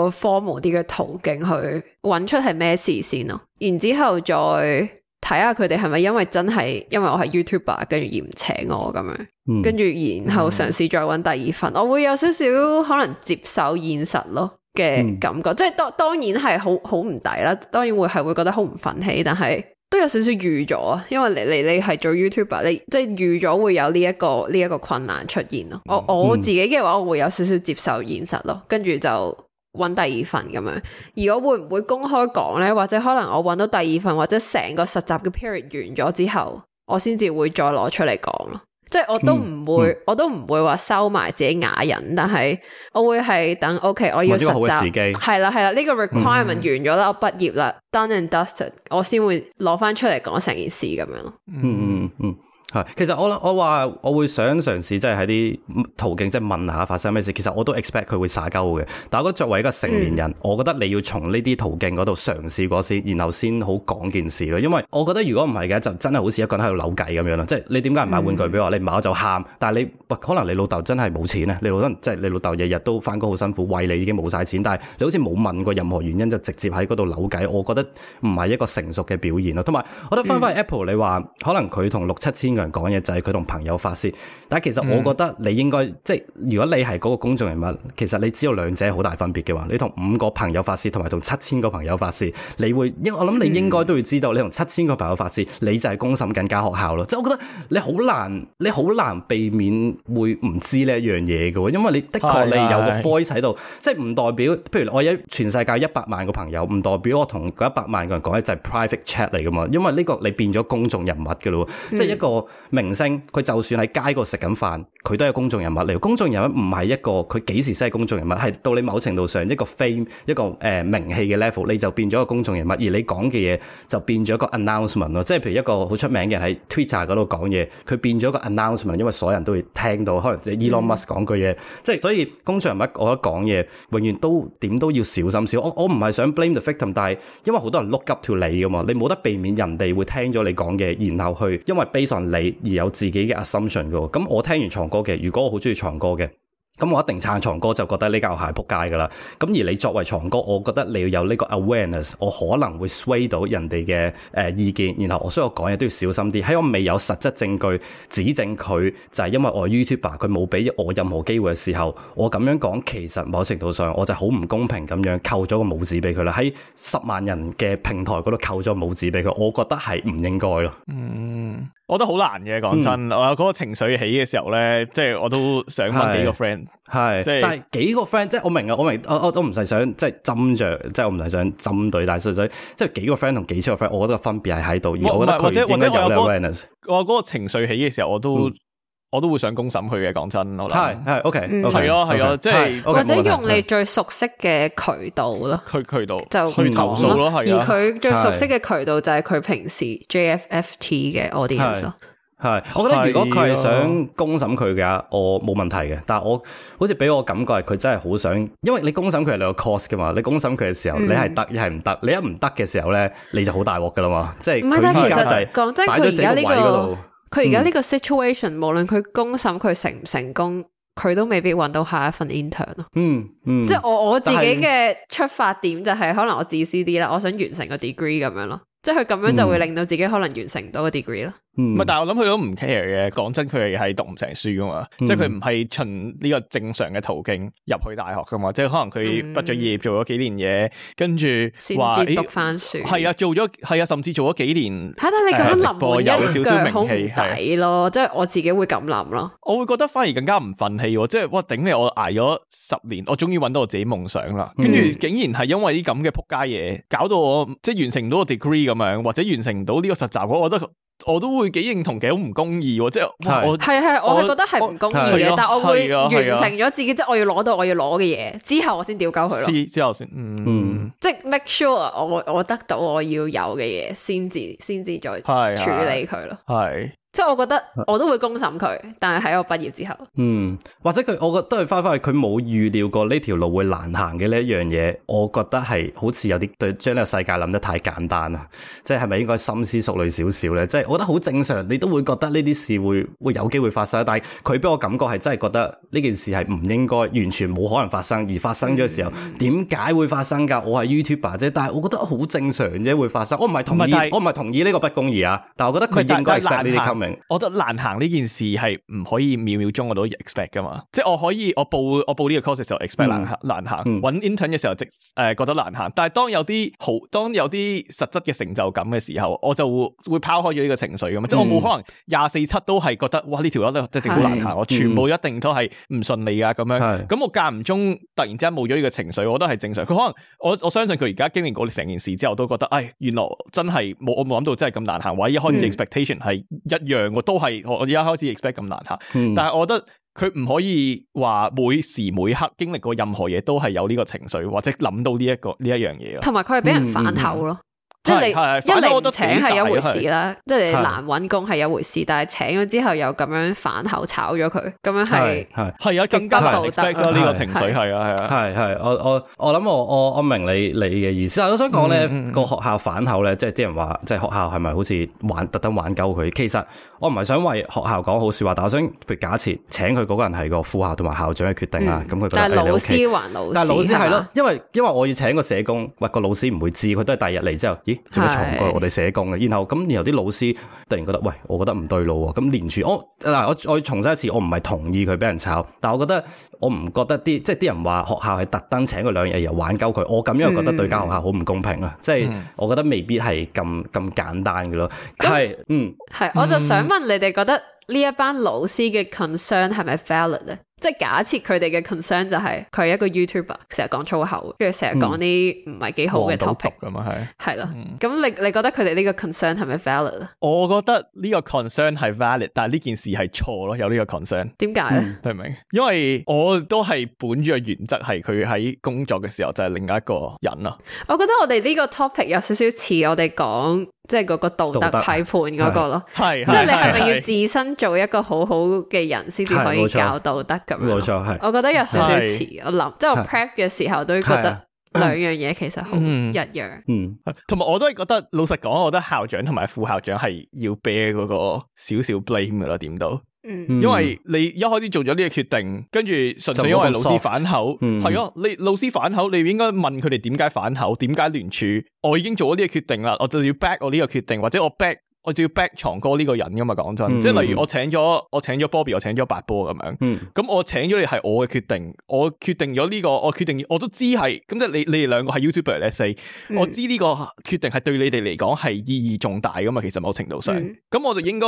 formal 啲嘅途徑去揾出係咩事先咯，然之後再。睇下佢哋係咪因為真係因為我係 YouTuber，跟住而唔請我咁樣，跟住、嗯、然後嘗試再揾第二份，嗯、我會有少少可能接受現實咯嘅感覺，嗯、即係當當然係好好唔抵啦，當然會係會覺得好唔憤氣，但係都有少少預咗，因為你你你係做 YouTuber，你即係預咗會有呢一個呢一個困難出現咯。我我自己嘅話，我會有少少接受現實咯，跟住就。搵第二份咁樣，而我會唔會公開講呢？或者可能我搵到第二份，或者成個實習嘅 period 完咗之後，我先至會再攞出嚟講咯。即係我都唔會，嗯嗯、我都唔會話收埋自己啞忍，但係我會係等 OK，我要實習係啦係啦，呢個、這個、requirement 完咗啦，嗯、我畢業啦，done and dusted，我先會攞翻出嚟講成件事咁樣咯、嗯。嗯嗯嗯。其實我我話我會想嘗試即係喺啲途徑即係問,問下發生咩事。其實我都 expect 佢會撒嬌嘅。但係我覺得作為一個成年人，嗯、我覺得你要從呢啲途徑嗰度嘗試過先，然後先好講件事咯。因為我覺得如果唔係嘅，就真係好似一個人喺度扭計咁樣咯。即係你點解唔買玩具俾我？你唔買我就喊。但係你，可能你老豆真係冇錢啊？你老即係你老豆日日都翻工好辛苦，餵你已經冇晒錢。但係你好似冇問過任何原因就直接喺嗰度扭計，我覺得唔係一個成熟嘅表現咯。同埋，我覺得翻返 Apple，你話可能佢同六七千講嘢就係佢同朋友發洩，但係、嗯、其實我覺得你應該即係如果你係嗰個公眾人物，其實你知道兩者好大分別嘅話，你同五個朋友發洩，同埋同七千個朋友發洩，你會應我諗你應該都會知道，你同七千個朋友發洩，你就係公審緊間學校咯。即係我覺得你好難你好難避免會唔知呢一樣嘢㗎，因為你的確你有個 voice 喺度，是是是即係唔代表，譬如我有全世界一百萬個朋友，唔代表我同一百萬個人講嘢就係、是、private chat 嚟噶嘛，因為呢個你變咗公眾人物噶咯，即係一個。明星佢就算喺街度食緊飯，佢都係公眾人物嚟。公眾人物唔係一個佢幾時先係公眾人物，係到你某程度上一個 fame 一個誒名氣嘅 level，你就變咗個公眾人物，而你講嘅嘢就變咗個 announcement 咯。即係譬如一個好出名嘅人喺 Twitter 度講嘢，佢變咗個 announcement，因為所有人都會聽到。可能即係 Elon Musk 講句嘢，即係所以公眾人物我一講嘢，永遠都點都要小心少。我我唔係想 blame the victim，但係因為好多人 look up to you, 你噶嘛，你冇得避免人哋會聽咗你講嘢，然後去因為 based on 你而有自己嘅 assumption 噶，咁我聽完床哥嘅，如果我好中意床哥嘅，咁我一定撐床哥，就覺得呢間學校係仆街噶啦。咁而你作為床哥，我覺得你要有呢個 awareness，我可能會 sway 到人哋嘅誒意見，然後我需要講嘢都要小心啲。喺我未有實質證據指證佢就係、是、因為我係 YouTuber 佢冇俾我任何機會嘅時候，我咁樣講，其實某程度上我就好唔公平咁樣扣咗個帽子俾佢啦。喺十萬人嘅平台嗰度扣咗帽子俾佢，我覺得係唔應該咯。嗯。我覺得好難嘅，講真，嗯、我有嗰個情緒起嘅時候咧，即係我都想問幾個 friend，係即係。就是、但係幾個 friend，即係我明啊，我明，我我都唔係想即係針着，即係我唔係想針對，但係所以即係幾個 friend 同幾千個 friend，我覺得分別係喺度，我而我覺得佢應該有嘅 awareness 我嗰個情緒起嘅時候，我都。嗯我都會想公審佢嘅，講真，我諗係係 OK，係咯係咯，即係或者用你最熟悉嘅渠道咯，渠渠道就去投訴咯，係而佢最熟悉嘅渠道就係佢平時 JFFT 嘅 Audience 咯。係，我覺得如果佢係想公審佢嘅，我冇問題嘅。但係我好似俾我感覺係佢真係好想，因為你公審佢係兩個 cost 噶嘛。你公審佢嘅時候，你係得亦係唔得。你一唔得嘅時候咧，你就好大鑊噶啦嘛。即係佢而家就係擺佢而家呢度。佢而家呢個 situation、嗯、無論佢公審佢成唔成功，佢都未必揾到下一份 intern 咯、嗯。嗯，即係我我自己嘅出發點就係、是、是可能我自私啲啦，我想完成個 degree 咁樣咯。即係佢咁樣就會令到自己可能完成唔到個 degree 咯、嗯。嗯。唔係，但係我諗佢都唔 care 嘅。講真，佢哋係讀唔成書噶嘛，即係佢唔係循呢個正常嘅途徑入去大學噶嘛。即係可能佢畢咗業做咗幾年嘢，跟住先至讀翻書。係啊，做咗係啊，甚至做咗幾年。睇下你咁樣諗，會有少少名氣底咯。即係我自己會咁諗咯。我會覺得反而更加唔憤氣，即係哇！頂你我挨咗十年，我終於揾到我自己夢想啦。跟住竟然係因為啲咁嘅仆街嘢，搞到我即係完成唔到個 degree 咁樣，或者完成唔到呢個實習，我覺得。我都會幾認同，幾好唔公義，即係的我係啊係我係覺得係唔公義嘅，我但我會完成咗自己，即係我要攞到我要攞嘅嘢之後我，我先屌鳩佢咯。之之後先，嗯，嗯即係 make sure 我我得到我要有嘅嘢，先至先至再處理佢咯，係。即係我覺得我都會公審佢，但係喺我畢業之後，嗯，或者佢，我覺得都係翻翻去佢冇預料過呢條路會難行嘅呢一樣嘢，我覺得係好似有啲對將呢個世界諗得太簡單啦，即係係咪應該深思熟慮少少咧？即係我覺得好正常，你都會覺得呢啲事會會有機會發生，但係佢俾我感覺係真係覺得呢件事係唔應該，完全冇可能發生而發生咗嘅時候，點解、嗯、會發生噶？我係 YouTuber 啫，但係我覺得好正常啫，會發生。我唔係同意，是我唔係同意呢是個不公義啊，但係我覺得佢應該 set 是 expect 我覺得難行呢件事係唔可以秒秒鐘我都 expect 噶嘛，即係我可以我報我報呢個 course 嘅時候 expect 難行、嗯、難行，揾 intern 嘅時候即誒、呃、覺得難行，但係當有啲好，當有啲實質嘅成就感嘅時候，我就會會拋開咗呢個情緒噶嘛，嗯、即係我冇可能廿四七都係覺得哇呢條路一定好難行，是我全部一定都係唔順利啊咁樣，咁是、嗯、我間唔中突然之間冇咗呢個情緒，我都係正常。佢可能我我相信佢而家經歷過成件事之後，都覺得唉、哎，原來真係冇我冇諗到真係咁難行，或者一開始 expectation 係一樣我都係我而家開始 expect 咁難吓，嗯、但係我覺得佢唔可以話每時每刻經歷過任何嘢都係有呢個情緒，或者諗到呢、呢、一個呢一樣嘢咯，同埋佢係俾人反透咯、嗯。嗯嗯即係你一嚟請係一回事啦，即係難揾工係一回事，但係請咗之後又咁樣反口炒咗佢，咁樣係係係啊，更加道德。反呢個情緒係啊係啊係係，我我我諗我我我明你你嘅意思啊，我想講咧個學校反口咧，即係啲人話即係學校係咪好似玩特登玩鳩佢？其實我唔係想為學校講好說話，但我想譬如假設請佢嗰個人係個副校同埋校長嘅決定啊，咁佢覺得係，但係老師還老師，老師係咯，因為因為我要請個社工，喂個老師唔會知，佢都係第二日嚟，之後。做乜重過我哋社工嘅？然後咁然後啲老師突然覺得，喂，我覺得唔對路喎、啊，咁連住我嗱我我重申一次，我唔係同意佢俾人炒，但係我覺得我唔覺得啲即係啲人話學校係特登請佢兩日又玩鳩佢，我咁樣覺得對間學校好唔公平啊，即係、嗯、我覺得未必係咁咁簡單嘅咯，係嗯係是、嗯，我就想問你哋覺得呢一班老師嘅 concern 係咪 valid 咧？即係假設佢哋嘅 concern 就係佢一個 YouTuber，成日講粗口，跟住成日講啲唔係幾好嘅 topic 咁啊，係係咯，咁你你覺得佢哋呢個 concern 係咪 valid 啊？我覺得呢個 concern 係 valid，但係呢件事係錯咯，有呢個 concern。點解咧？嗯、明唔明？因為我都係本住嘅原則，係佢喺工作嘅時候就係另外一個人啊。我覺得我哋呢個 topic 有少少似我哋講。即係嗰個道德批判嗰個咯，係德即係你係咪要自身做一個好好嘅人先至可以教道德咁樣？冇錯，係。我覺得有少少似。我諗即係我 prep 嘅時候的都覺得兩樣嘢其實好一樣。嗯，同、嗯、埋、嗯、我都係覺得，老實講，我覺得校長同埋副校長係要 bear 嗰個少少 blame 嘅咯，點都。因為你一開始做咗呢個決定，跟住純粹因為老師反口，係咯，你老師反口，你應該問佢哋點解反口，點解聯署，我已經做咗呢個決定啦，我就要 back 我呢個決定，或者我 back。我就要 back 床哥呢個人㗎嘛，講真，即係例如我請咗我請咗 Bobby，我請咗白波咁樣，咁、嗯、我請咗你係我嘅決定，我決定咗呢、這個，我決定，我都知係，咁即係你你哋兩個係 YouTuber 咧，四、嗯，我知呢個決定係對你哋嚟講係意義重大㗎嘛，其實某程度上，咁、嗯、我就應該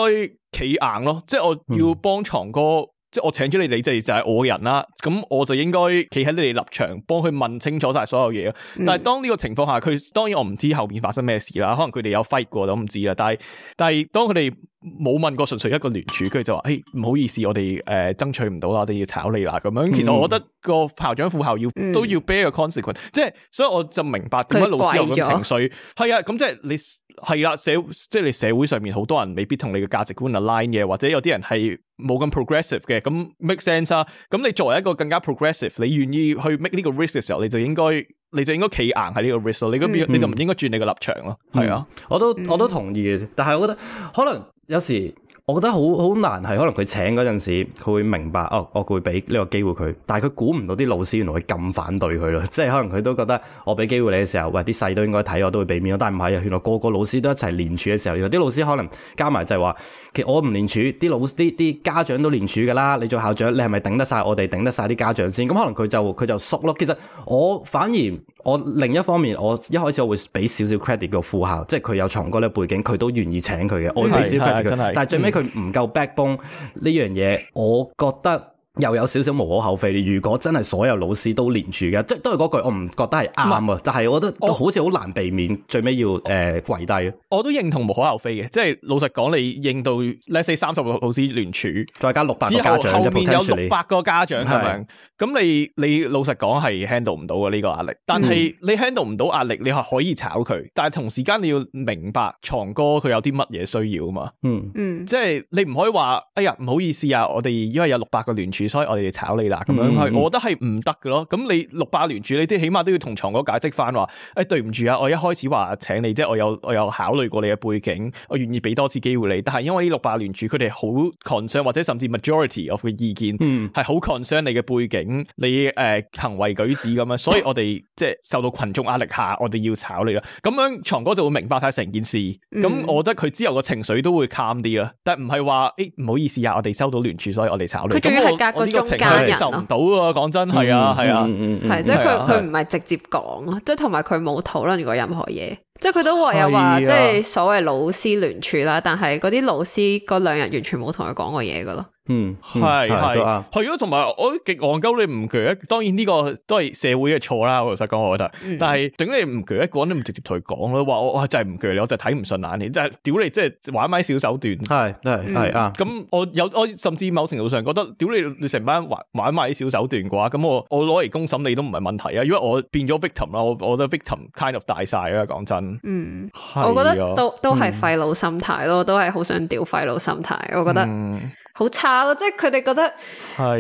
企硬咯，即係我要幫床哥。即係我請咗你哋，你就就係我嘅人啦。咁我就應該企喺你哋立場，幫佢問清楚晒所有嘢。但係當呢個情況下，佢當然我唔知後邊發生咩事啦。可能佢哋有 fight 過我都唔知啊。但係但係當佢哋冇問過，純粹一個聯署，佢就話，誒，唔好意思，我哋誒、呃、爭取唔到啦，就要炒你啦。咁樣其實我覺得個校長、副校要、嗯、都要 bear 個 consequence 即係所以我就明白點解老師有咁嘅情緒。係啊，咁即係你。係啦，社即係你社會上面好多人未必同你嘅價值觀 align 嘅，或者有啲人係冇咁 progressive 嘅，咁 make sense 啊。咁你作為一個更加 progressive，你願意去 make 呢個 risk 嘅時候，你就應該你就應該企硬喺呢個 risk 咯，嗯。你咁邊你就唔應該轉你嘅立場咯。係啊，我都我都同意嘅，嗯，但係我覺得可能有時。我覺得好好難，係可能佢請嗰陣時，佢會明白哦，我會畀呢個機會佢，但係佢估唔到啲老師原來會咁反對佢咯，即係可能佢都覺得我畀機會你嘅時候，喂啲細都應該睇，我都會畀面咯。但係唔係啊，原來個個老師都一齊聯署嘅時候，有啲老師可能加埋就係話，其實我唔聯署，啲老師啲啲家長都聯署噶啦。你做校長，你係咪頂得晒我哋，頂得晒啲家長先？咁可能佢就佢就縮咯。其實我反而。我另一方面，我一開始我會俾少少 credit 個副校，即係佢有長嗰啲背景，佢都願意請佢嘅，我俾少少 credit 佢，但係最尾佢唔夠 backbone 呢樣嘢，我覺得。又有少少無可厚非。如果真係所有老師都聯署嘅，即係都係嗰句，我唔覺得係啱啊。是但係我覺得都我好似好難避免最，最尾要誒跪低。我都認同無可厚非嘅，即係老實講，你應到 let's say 三十個老師聯署，再加六百個，個家長，即係後面有六百個家長，係咪？咁是你你老實講係 handle 唔到嘅呢個壓力。但係你 handle 唔到壓力，你係可以炒佢。嗯、但係同時間你要明白，長哥佢有啲乜嘢需要啊嘛？嗯嗯，嗯即係你唔可以話，哎呀唔好意思啊，我哋因為有六百個聯署。」所以我哋就炒你啦，咁樣係，嗯、我覺得係唔得嘅咯。咁你六百聯署你都起碼都要同床哥解釋返話，誒、哎、對唔住啊，我一開始話請你，即係我有我有考慮過你嘅背景，我願意俾多次機會你，但係因為呢六百聯署，佢哋好 concern 或者甚至 majority 我嘅意見，係好 concern 你嘅背景，你誒、呃、行為舉止咁樣，所以我哋即係受到群眾壓力下，我哋要炒你啦。咁樣床哥就會明白晒成件事，咁、嗯、我覺得佢之後個情緒都會 calm 啲咯。但係唔係話，誒、哎、唔好意思啊，我哋收到聯署，所以我哋炒你。我個中間人唔到啊！講真係啊，係啊，係即係佢佢唔係直接講咯，即係同埋佢冇討論過任何嘢，啊、即係佢都唯有話，啊、即係所謂老師聯署啦，但係嗰啲老師嗰兩日完全冇同佢講過嘢噶咯。嗯，係係係，如果同埋我極戇鳩你唔拒一，當然呢個都係社會嘅錯啦。老實講，我覺得，但係頂你唔拒一個我都唔直接同講咯，話我我真係唔拒你，我就睇唔順眼你，真係屌你，即係玩埋小手段，係係係啊。咁我有我甚至某程度上覺得屌你，你成班玩埋啲小手段嘅話，咁我我攞嚟公審你都唔係問題啊。如果我變咗 victim 啦，我我覺得 victim kind of 大晒啦。講真，嗯，我覺得都都係廢老心態咯，都係好想屌廢老心態。我覺得。好差咯，即係佢哋覺得，佢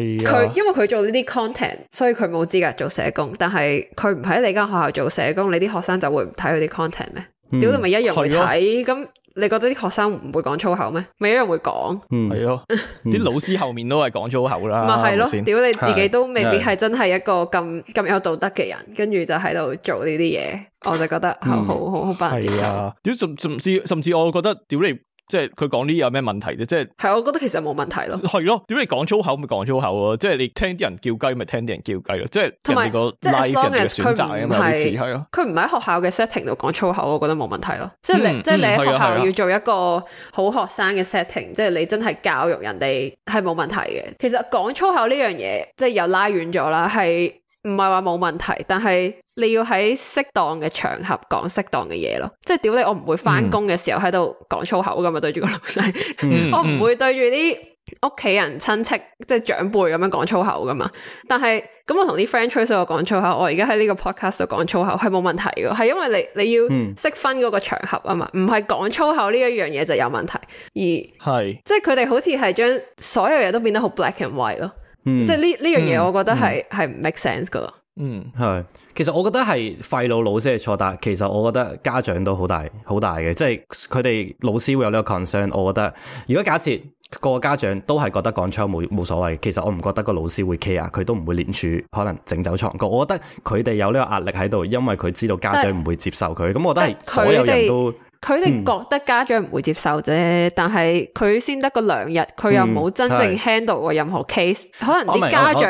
因為佢做呢啲 content，所以佢冇資格做社工。但係佢唔喺你間學校做社工，你啲學生就會唔睇佢啲 content 咩？屌你咪一樣會睇，咁你覺得啲學生唔會講粗口咩？咪一樣會講。嗯，係咯，啲老師後面都係講粗口啦。咪係咯，屌你自己都未必係真係一個咁咁有道德嘅人，跟住就喺度做呢啲嘢，我就覺得好好好好難接受。係啊，屌甚甚至甚至，我覺得屌你。即係佢講呢啲有咩問題啫？即係係，我覺得其實冇問題咯。係咯，點解你講粗口咪講粗口咯？即係你聽啲人叫雞咪聽啲人叫雞咯。即係人哋個拉人嘅選擇啊嘛。佢唔係佢唔喺學校嘅 setting 度講粗口，我覺得冇問題咯。嗯嗯、即係你即係你喺學校要做一個好學生嘅 setting，嗯、即係你真係教育人哋係冇問題嘅。其實講粗口呢樣嘢，即係又拉遠咗啦，係。唔係話冇問題，但係你要喺適當嘅場合講適當嘅嘢咯。即係屌你，我唔會翻工嘅時候喺度講粗口噶嘛，對住個老細。 mm hmm. 我唔會對住啲屋企人、親戚、即係長輩咁樣講粗口噶嘛。但係咁，我同啲 friend 吹水，我講粗口，我而家喺呢個 podcast 度講粗口係冇問題嘅，係因為你你要識分嗰個場合啊嘛。唔係講粗口呢一樣嘢就有問題，而係是即係佢哋好似係將所有嘢都變得好 black and white 咯。嗯、即係呢呢樣嘢，我覺得係係唔 make sense 噶。嗯，係、嗯，其實我覺得係廢老老師嘅錯，但其實我覺得家長都好大好大嘅。即係佢哋老師會有呢個 concern，我覺得如果假設個家長都係覺得講粗口冇冇所謂，其實我唔覺得個老師會 care，佢都唔會連署可能整走床。庫。我覺得佢哋有呢個壓力喺度，因為佢知道家長唔會接受佢。咁但我覺得係所有人都。佢哋覺得家長唔會接受啫，但係佢先得個兩日，佢又冇真正 handle 過任何 case，可能啲家長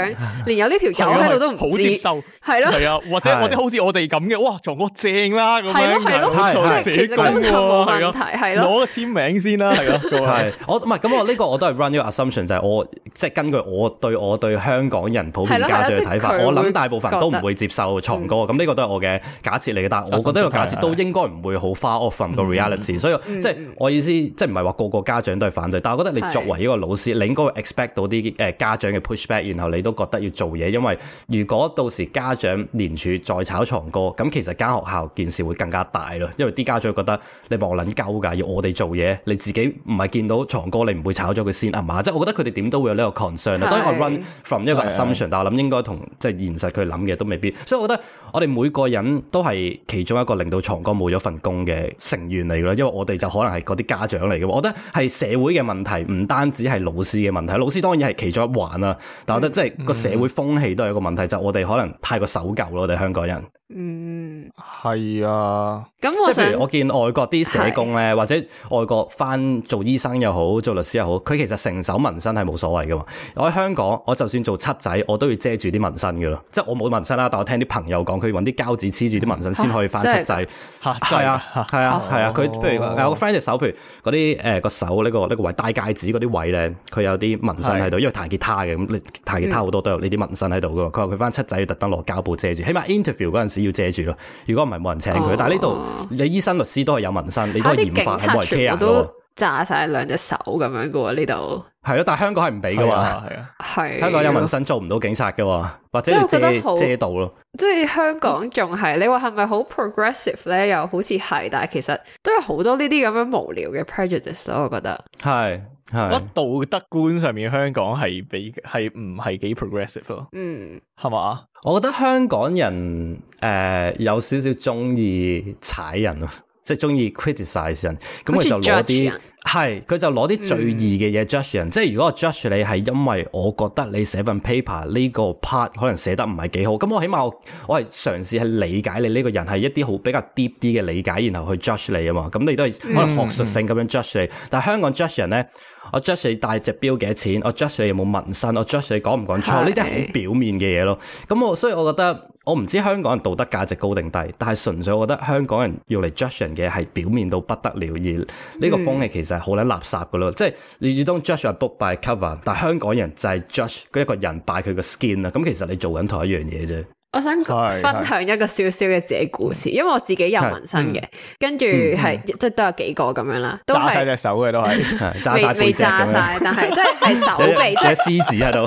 連有呢條友喺度都唔知。係咯，係啊，或者我啲好似我哋咁嘅，哇，藏獒正啦，咁樣係咯係咯，即係其實根本就冇問題，係攞個簽名先啦，係咯，係我唔係咁我呢個我都係 run your assumption 就係我即係根據我對我對香港人普遍家長嘅睇法，我諗大部分都唔會接受藏獒，咁呢個都係我嘅假設嚟嘅，但係我覺得個假設都應該唔會好 far off。reality，、嗯、所以、嗯、即係我意思，嗯、即係唔係話個個家長都係反對，但係我覺得你作為一個老師，是你應該 expect 到啲誒家長嘅 pushback，然後你都覺得要做嘢，因為如果到時家長聯署再炒床哥，咁其實間學校件事會更加大咯，因為啲家長覺得你望撚鳩噶，要我哋做嘢，你自己唔係見到床哥，你唔會炒咗佢先啊嘛？即係是我覺得佢哋點都會有呢個 concern，啊是，當然我 run from 呢個 assumption，的但係我諗應該同即係現實佢諗嘅都未必，所以我覺得。我哋每個人都係其中一個令到床哥冇咗份工嘅成員嚟咯，因為我哋就可能係嗰啲家長嚟嘅，我覺得係社會嘅問題，唔單止係老師嘅問題，老師當然係其中一環啦。但我覺得即係個社會風氣都係一個問題，嗯、就我哋可能太過守舊咯，我哋香港人。嗯係啊，咁即係譬如我見外國啲社工咧，是或者外國翻做醫生又好，做律師又好，佢其實成手紋身係冇所謂噶嘛。我喺香港，我就算做七仔，我都要遮住啲紋身噶咯。即係我冇紋身啦，但我聽啲朋友講，佢要搵啲膠紙黐住啲紋身先可以翻七仔。係啊，係啊，係啊。佢、啊啊、譬如有個 friend 隻手，譬如嗰啲誒個手呢個呢個位戴戒指嗰啲位咧，佢有啲紋身喺度，是因為彈吉他嘅咁，彈吉他好多、嗯、都有呢啲紋身喺度噶。佢話佢翻七仔要特登攞膠布遮住，嗯、起碼 interview 嗰陣時要遮住咯。如果唔係冇人請佢，哦、但係呢度你醫生律師都係有紋身，你都可以染髮，唔好係黐人咯。紮晒兩隻手咁樣噶喎，呢度係咯，但係香港係唔俾噶嘛，係啊，係香港有紋身做唔到警察噶，或者的要遮我覺得遮到咯。即係香港仲係你話係咪好 progressive 咧？又好似係，嗯、但係其實都有好多呢啲咁樣無聊嘅 prejudice 咯。我覺得係。乜道德觀上面，香港係比係唔係幾 progressive 咯？嗯， 係嘛是？ 我覺得香港人誒、呃、有少少鍾意踩人咯。 即係中意 criticise 人，咁佢就攞啲係，佢就攞啲最易嘅嘢 judge 人。嗯、即係如果我 judge 你係因為我覺得你寫份 paper 呢個 part 可能寫得唔係幾好，咁我起碼我我係嘗試係理解你呢個人係一啲好比較 deep 啲嘅理解，然後去 judge 你啊嘛。咁你都係可能學術性咁樣 judge 你。嗯、但係香港 judge 人咧，我 judge 你戴隻表幾多錢，我 judge 你有冇紋身，我 judge 你講唔講錯，呢啲係好表面嘅嘢咯。咁我所以我覺得。我唔知香港人道德價值高定低，但係純粹我覺得香港人用嚟 judge 人嘅係表面到不得了，而呢個風氣其實係好捻垃圾噶咯。即係你唔好 judge a book by cover，但係香港人就係 judge 嗰一個人 by 佢個 skin 啦。咁其實你做緊同一樣嘢啫。我想分享一個少少嘅自己故事，因為我自己有紋身嘅，跟住係即係都有幾個咁樣啦，紮晒隻手嘅都係，未被揸晒，但係即係係手臂，即係獅子喺度，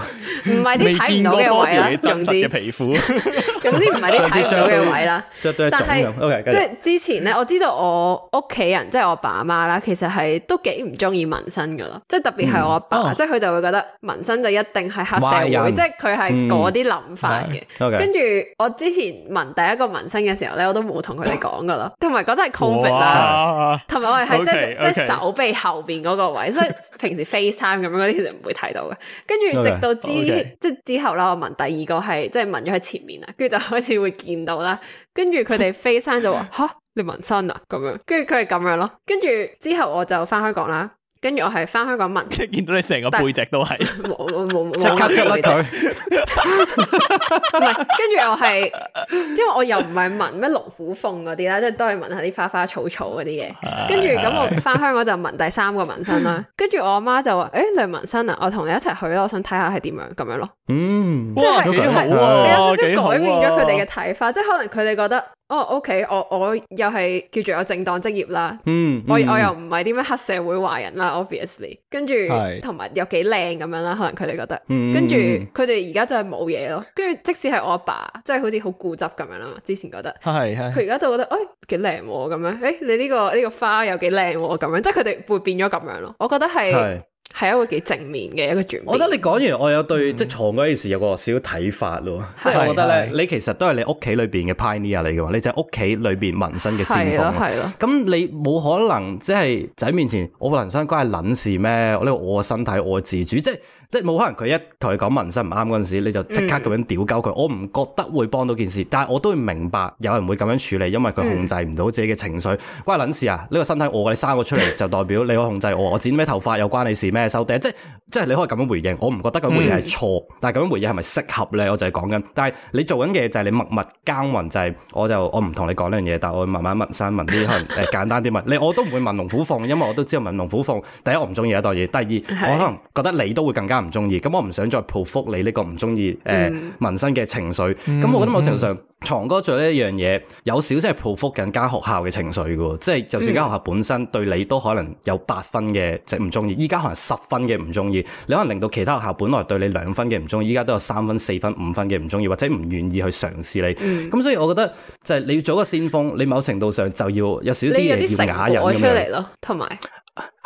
唔係啲睇唔到嘅位啦，甚至嘅皮膚。總之唔係你睇唔到嘅位啦，即係之前咧，我知道我屋企人，即係我爸阿媽啦，其實係都幾唔中意紋身噶啦，即係特別係我阿爸，即係佢就會覺得紋身就一定係黑社會，即係佢係嗰啲諗法嘅。跟住我之前紋第一個紋身嘅時候咧，我都冇同佢哋講噶啦，同埋嗰陣係 COVID 啦，同埋我係即係即係手臂後邊嗰個位，所以平時 face time 咁樣嗰啲其實唔會睇到嘅。跟住直到之即係之後啦，我紋第二個係即係紋咗喺前面啊，跟住就。開始會見到啦，跟住佢哋飛身就話吓 你紋身啊咁樣，跟住佢係咁樣咯。跟住之後我就返香港啦。跟住我係翻香港紋，一見到你成個背脊都係，即刻捽甩佢。唔係，跟住又係，因為我又唔係紋咩龍虎鳳嗰啲啦，即係都係紋下啲花花草草嗰啲嘢。跟住咁我翻香港就紋第三個紋身啦。跟住我阿媽就話：誒，你紋身啊？我同你一齊去咯，我想睇下係點樣咁樣咯。嗯，即係係係，你有少少改變咗佢哋嘅睇法，即係可能佢哋覺得。哦，OK，我我又係叫做有正當職業啦，嗯，我我又唔係啲咩黑社會壞人啦，Obviously，跟住同埋又幾靚咁樣啦，可能佢哋覺得，mm，跟住佢哋而家真係冇嘢咯，跟住即使係我阿爸，真係好似好固執咁樣啦嘛，之前覺得，係係，佢而家就覺得，哎，幾靚咁樣，誒，你呢個呢個花又幾靚咁樣，即係佢哋會變咗咁樣咯，我覺得係。係一個幾正面嘅一個轉變。我覺得你講完，我有對、嗯、即係床嗰件事有個小睇法咯。是即係我覺得咧，是是你其實都係你屋企裏邊嘅 pioneer 嚟嘅嘛，你就係屋企裏邊民生嘅先鋒。係咯，係咯，咁你冇可能即係仔面前，我個人生關係捻事咩？呢個我嘅身體，我嘅自主，即係。即係冇可能佢一同你講紋身唔啱嗰陣時，你就即刻咁樣屌鳩佢，我唔覺得會幫到件事，但係我都會明白有人會咁樣處理，因為佢控制唔到自己嘅情緒。喂，你撚事啊！呢個身體我，你生我出嚟就代表你可以控制我，我剪咩頭髮又關你事咩？收嗲。即係即係你可以咁樣回應。我唔覺得佢回應係錯，但係咁樣回應係咪適合咧？我就係講緊，但係你做緊嘅就係你默默耕耘就係，我就我唔同你講呢樣嘢，但係我會慢慢問生問啲可能誒簡單啲問你，我都唔會問龍虎鳳，因為我都知道問龍虎鳳，第一我唔中意一堆嘢，第二我可能覺得你都會更加。唔中意咁，嗯、我唔想再報復你呢個唔中意誒，民生嘅情緒。咁，我覺得某程度上，藏哥做呢一樣嘢，有少少係報復緊間學校嘅情緒嘅，即係就算間學校本身對你都可能有八分嘅即係唔中意，依家可能十分嘅唔中意，你可能令到其他學校本來對你兩分嘅唔中意，依家都有三分、四分、五分嘅唔中意，或者唔願意去嘗試你。咁、嗯、所以我覺得就係你要做一個先鋒，你某程度上就要有少少啲嘢要吓人出嚟咯，同埋。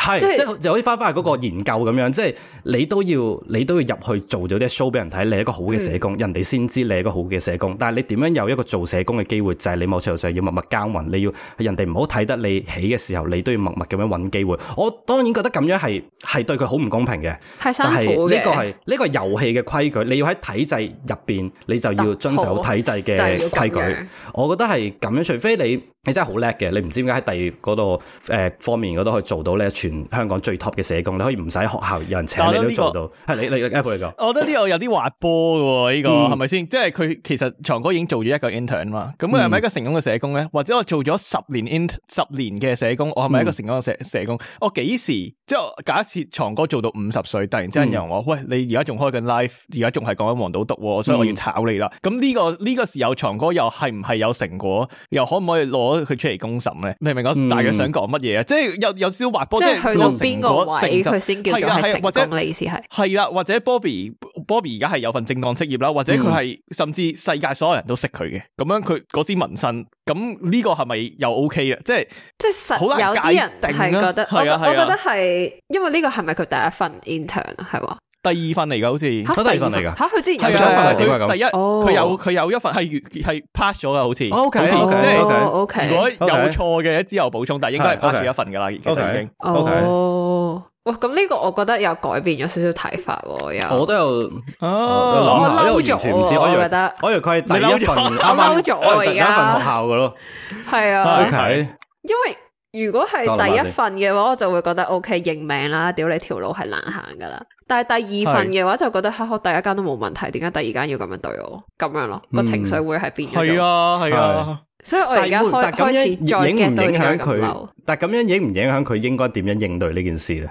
係即係，又好似翻翻嗰個研究咁樣，即係你都要，你都要入去做咗啲 show 俾人睇，你係一個好嘅社工，嗯、人哋先知你係一個好嘅社工。但係你點樣有一個做社工嘅機會，就係、是、你某程度上要默默耕耘，你要人哋唔好睇得你起嘅時候，你都要默默咁樣揾機會。我當然覺得咁樣係係對佢好唔公平嘅，係辛苦嘅，係呢個係呢個遊戲嘅規矩，你要喺體制入邊，你就要遵守體制嘅規矩。我覺得係咁樣，除非你你真係好叻嘅，你唔知點解喺第二度誒方面嗰度可以做到呢香港最 top 嘅社工，你可以唔使學校有人請你都做到。係你你 apply 嚟噶？我覺得呢、這個、個有啲滑坡嘅喎，呢、這個係咪先？即係佢其實長哥已經做咗一個 intern 啊嘛，咁佢係咪一個成功嘅社工咧？或者我做咗十年 i n t e r 十年嘅社工，我係咪一個成功嘅社、嗯、社工？我幾時即係假設長哥做到五十歲，突然之間有人話：嗯、喂，你而家仲開緊 live，而家仲係講緊黃賭毒，所以我要炒你啦。咁呢、嗯這個呢、這個時候長哥又係唔係有成果？又可唔可以攞佢出嚟公審咧？明唔明我大概想講乜嘢啊？嗯、即係有有少少滑坡即係。去到邊個位佢先果叫做係成功？啊、你意思係係啦，或者 Bobby。Bobby 而家係有份正當職業啦，或者佢係甚至世界所有人都識佢嘅，咁樣佢嗰支紋身，咁呢個係咪又 OK 嘅？即係即係實有啲人係覺得，我我覺得係因為呢個係咪佢第一份 intern 啊？係嘛？第二份嚟噶，好似第二份嚟噶吓，佢之前第一佢有佢有一份係係 pass 咗噶，好似 OK，即係如果有錯嘅，之後補充，但應該 pass 咗一份噶啦，其實已經哦。咁呢個我覺得有改變咗少少睇法，我都有諗，我完全唔似，我覺得可能佢係第一份，啱啱咗，而家學校嘅咯，係啊，因為如果係第一份嘅話，我就會覺得 OK 認命啦，屌你條路係難行噶啦。但係第二份嘅話，就覺得好好第一間都冇問題，點解第二間要咁樣對我？咁樣咯，個情緒會係變咗。係啊，係啊。所以我而家但咁樣影唔影響佢？但咁樣影唔影響佢應該點樣應對呢件事咧？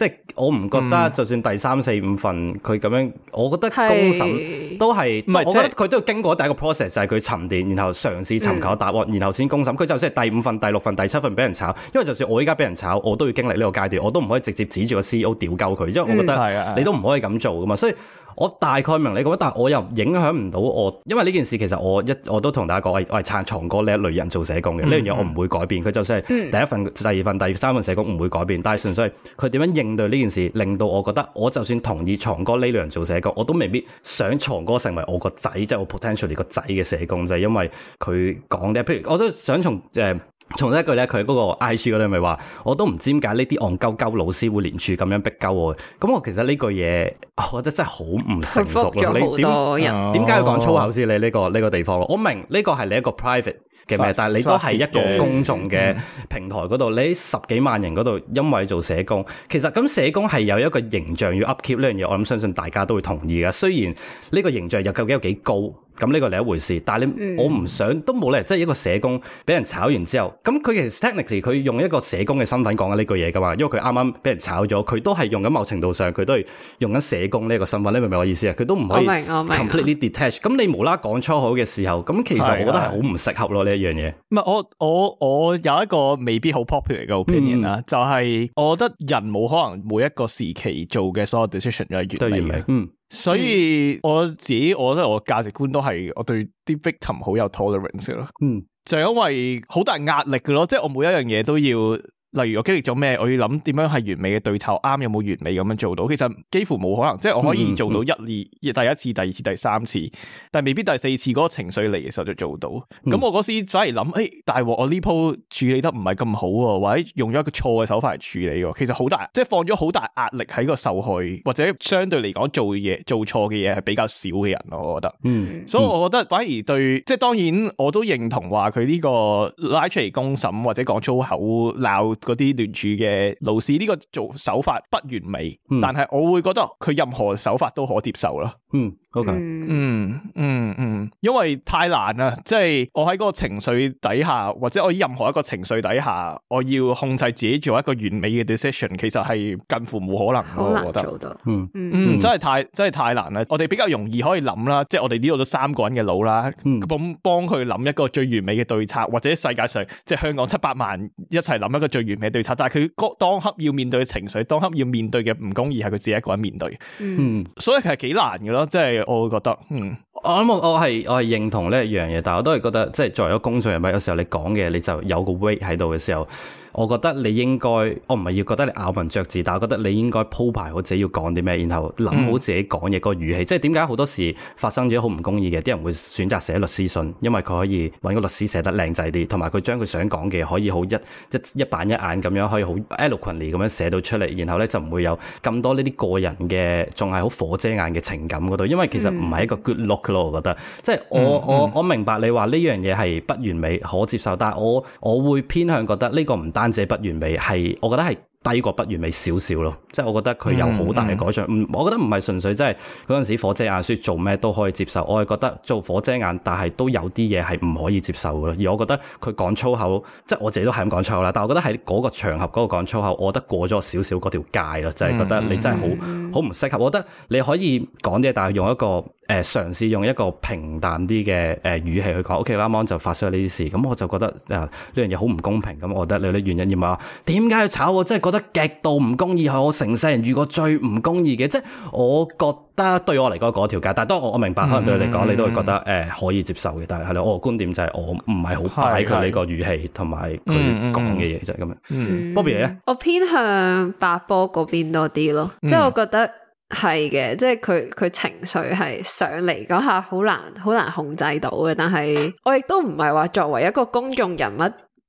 即係我唔覺得，就算第三四五份佢咁樣，我覺得公審都係唔係？我覺得佢都要經過第一個 process，就係佢沉澱，然後嘗試尋求答案，然後先公審。佢就算係第五份、第六份、第七份俾人炒，因為就算我依家俾人炒，我都會經歷呢個階段，我都唔可以直接指住個 CEO 屌鳩佢，因為我覺得你都唔可以咁做噶嘛，所以。我大概明你咁樣，但係我又影響唔到我，因為呢件事其實我一我都同大家講，我係我係撐床哥呢一類人做社工嘅呢樣嘢，mm hmm. 我唔會改變。佢就算係第一份、第二份、第二份、第三份社工唔會改變，但係純粹係佢點樣應對呢件事，令到我覺得我就算同意床哥呢類人做社工，我都未必想床哥成為我個仔，即係我 potentially 個仔嘅社工，就係因為佢講嘅，譬如我都想從誒從呢一句咧，佢嗰個 IG 嗰度咪話，我都唔知點解呢啲戇鳩鳩老師會連署咁樣逼鳩我。咁我其實呢句嘢，我覺得真係好。唔成熟咯，你點解要講粗口先？你呢個呢個地方咯，我明呢個係你一個 private。嘅咩？但係你都係一個公眾嘅平台嗰度，你喺十幾萬人嗰度因為做社工，其實咁社工係有一個形象要 upkeep 呢樣嘢，我諗相信大家都會同意㗎。雖然呢個形象又究竟有幾高，咁呢個另一回事。但係你我唔想都冇理由，即係一個社工俾人炒完之後，咁佢其實 technically 佢用一個社工嘅身份講緊呢句嘢噶嘛。因為佢啱啱俾人炒咗，佢都係用緊某程度上，佢都係用緊社工呢個身份。你明唔明我意思啊？佢都唔可以 completely detach。咁你無啦講粗口嘅時候，咁其實我覺得係好唔適合咯。你樣嘢，唔係我我我有一個未必好 popular 嘅 opinion 啦，嗯，就係我覺得人冇可能每一個時期做嘅所有 decision 都係越嚟越明，嗯，所以我自己我覺得我價值觀都係我對啲 victim 好有 tolerance 咯，嗯，就因為好大壓力嘅咯，即係我每一樣嘢都要。例如我經歷咗咩，我要諗點樣係完美嘅對策啱，有冇完美咁樣做到？其實幾乎冇可能，即係我可以做到一、二、嗯、嗯、第一次、第二次、第三次，但係未必第四次嗰個情緒嚟，嘅時候就做到。咁、嗯、我嗰時反而諗，誒大鑊，我呢鋪處理得唔係咁好，或者用咗一個錯嘅手法嚟處理，其實好大，即係放咗好大壓力喺個受害或者相對嚟講做嘢做錯嘅嘢係比較少嘅人咯，我覺得。嗯，嗯所以我覺得反而對，即係當然我都認同話佢呢個拉出嚟公審或者講粗口鬧。嗰啲聯署嘅老師呢個做手法不完美，嗯、但係我會覺得佢任何手法都可接受啦。嗯。好嘅 Okay.、嗯，嗯嗯嗯，因為太難啦，即、就、係、是，我喺嗰個情緒底下，或者我喺任何一個情緒底下，我要控制自己做一個完美嘅 decision，其實係近乎冇可能，我覺得，嗯嗯，真係太真係太難啦。我哋比較容易可以諗啦，即、就、係、是，我哋呢度都三個人嘅腦啦，咁幫佢諗一個最完美嘅對策，或者世界上即係、就是、香港七百萬一齊諗一個最完美嘅對策，但係佢嗰，當刻要面對嘅情緒，當刻要面對嘅唔公義係佢自己一個人面對，嗯，嗯，所以其實幾難嘅咯，即係。我會覺得，嗯，我諗我係我係認同呢一樣嘢，但係我都係覺得，即係作為一個公眾人物，有時候你講嘅你就有個 weight 喺度嘅時候。我覺得你應該，我唔係要覺得你咬文嚼字，但我覺得你應該鋪排好自己要講啲咩，然後諗好自己講嘢個語氣。嗯、即係點解好多時發生咗好唔公義嘅，啲人會選擇寫律師信，因為佢可以揾個律師寫得靚仔啲，同埋佢將佢想講嘅可以好一一一板一眼咁樣，可以好 eloquently 咁樣寫到出嚟，然後咧就唔會有咁多呢啲個人嘅，仲係好火遮眼嘅情感嗰度。因為其實唔係一個 good look 嘅咯，嗯、我覺得。即係我、嗯嗯、我我明白你話呢樣嘢係不完美可接受，但係我我，我會偏向覺得呢個唔得。單止不完美係，我覺得係低過不完美少少咯。即係我覺得佢有好大嘅改善。唔、mm，hmm. 我覺得唔係純粹即係嗰陣時火遮眼說做咩都可以接受。我係覺得做火遮眼，但係都有啲嘢係唔可以接受嘅。而我覺得佢講粗口，即係我自己都係咁講粗口啦。但係我覺得喺嗰個場合嗰個講粗口，我覺得過咗少少嗰條界咯，mm hmm. 就係覺得你真係好好唔適合。我覺得你可以講啲嘢，但係用一個。誒嘗試用一個平淡啲嘅誒語氣去講，OK，啱啱就發生咗呢啲事，咁我就覺得啊呢樣嘢好唔公平，咁我覺得你啲原因要，要話點解要炒我？真係覺得極度唔公義，係我成世人遇過最唔公義嘅，即係我覺得對我嚟講嗰條界。但係當然我我明白，嗯嗯、可能對你嚟講你都會覺得誒、呃、可以接受嘅。但係係咯，我觀點就係我唔係好擺佢呢個語氣同埋佢講嘅嘢就係咁樣。Bobby 咧，我偏向八波嗰邊多啲咯，即係我覺得。 係嘅，即係佢佢情緒係上嚟嗰下，好難好難控制到嘅。但係我亦都唔係話作為一個公眾人物，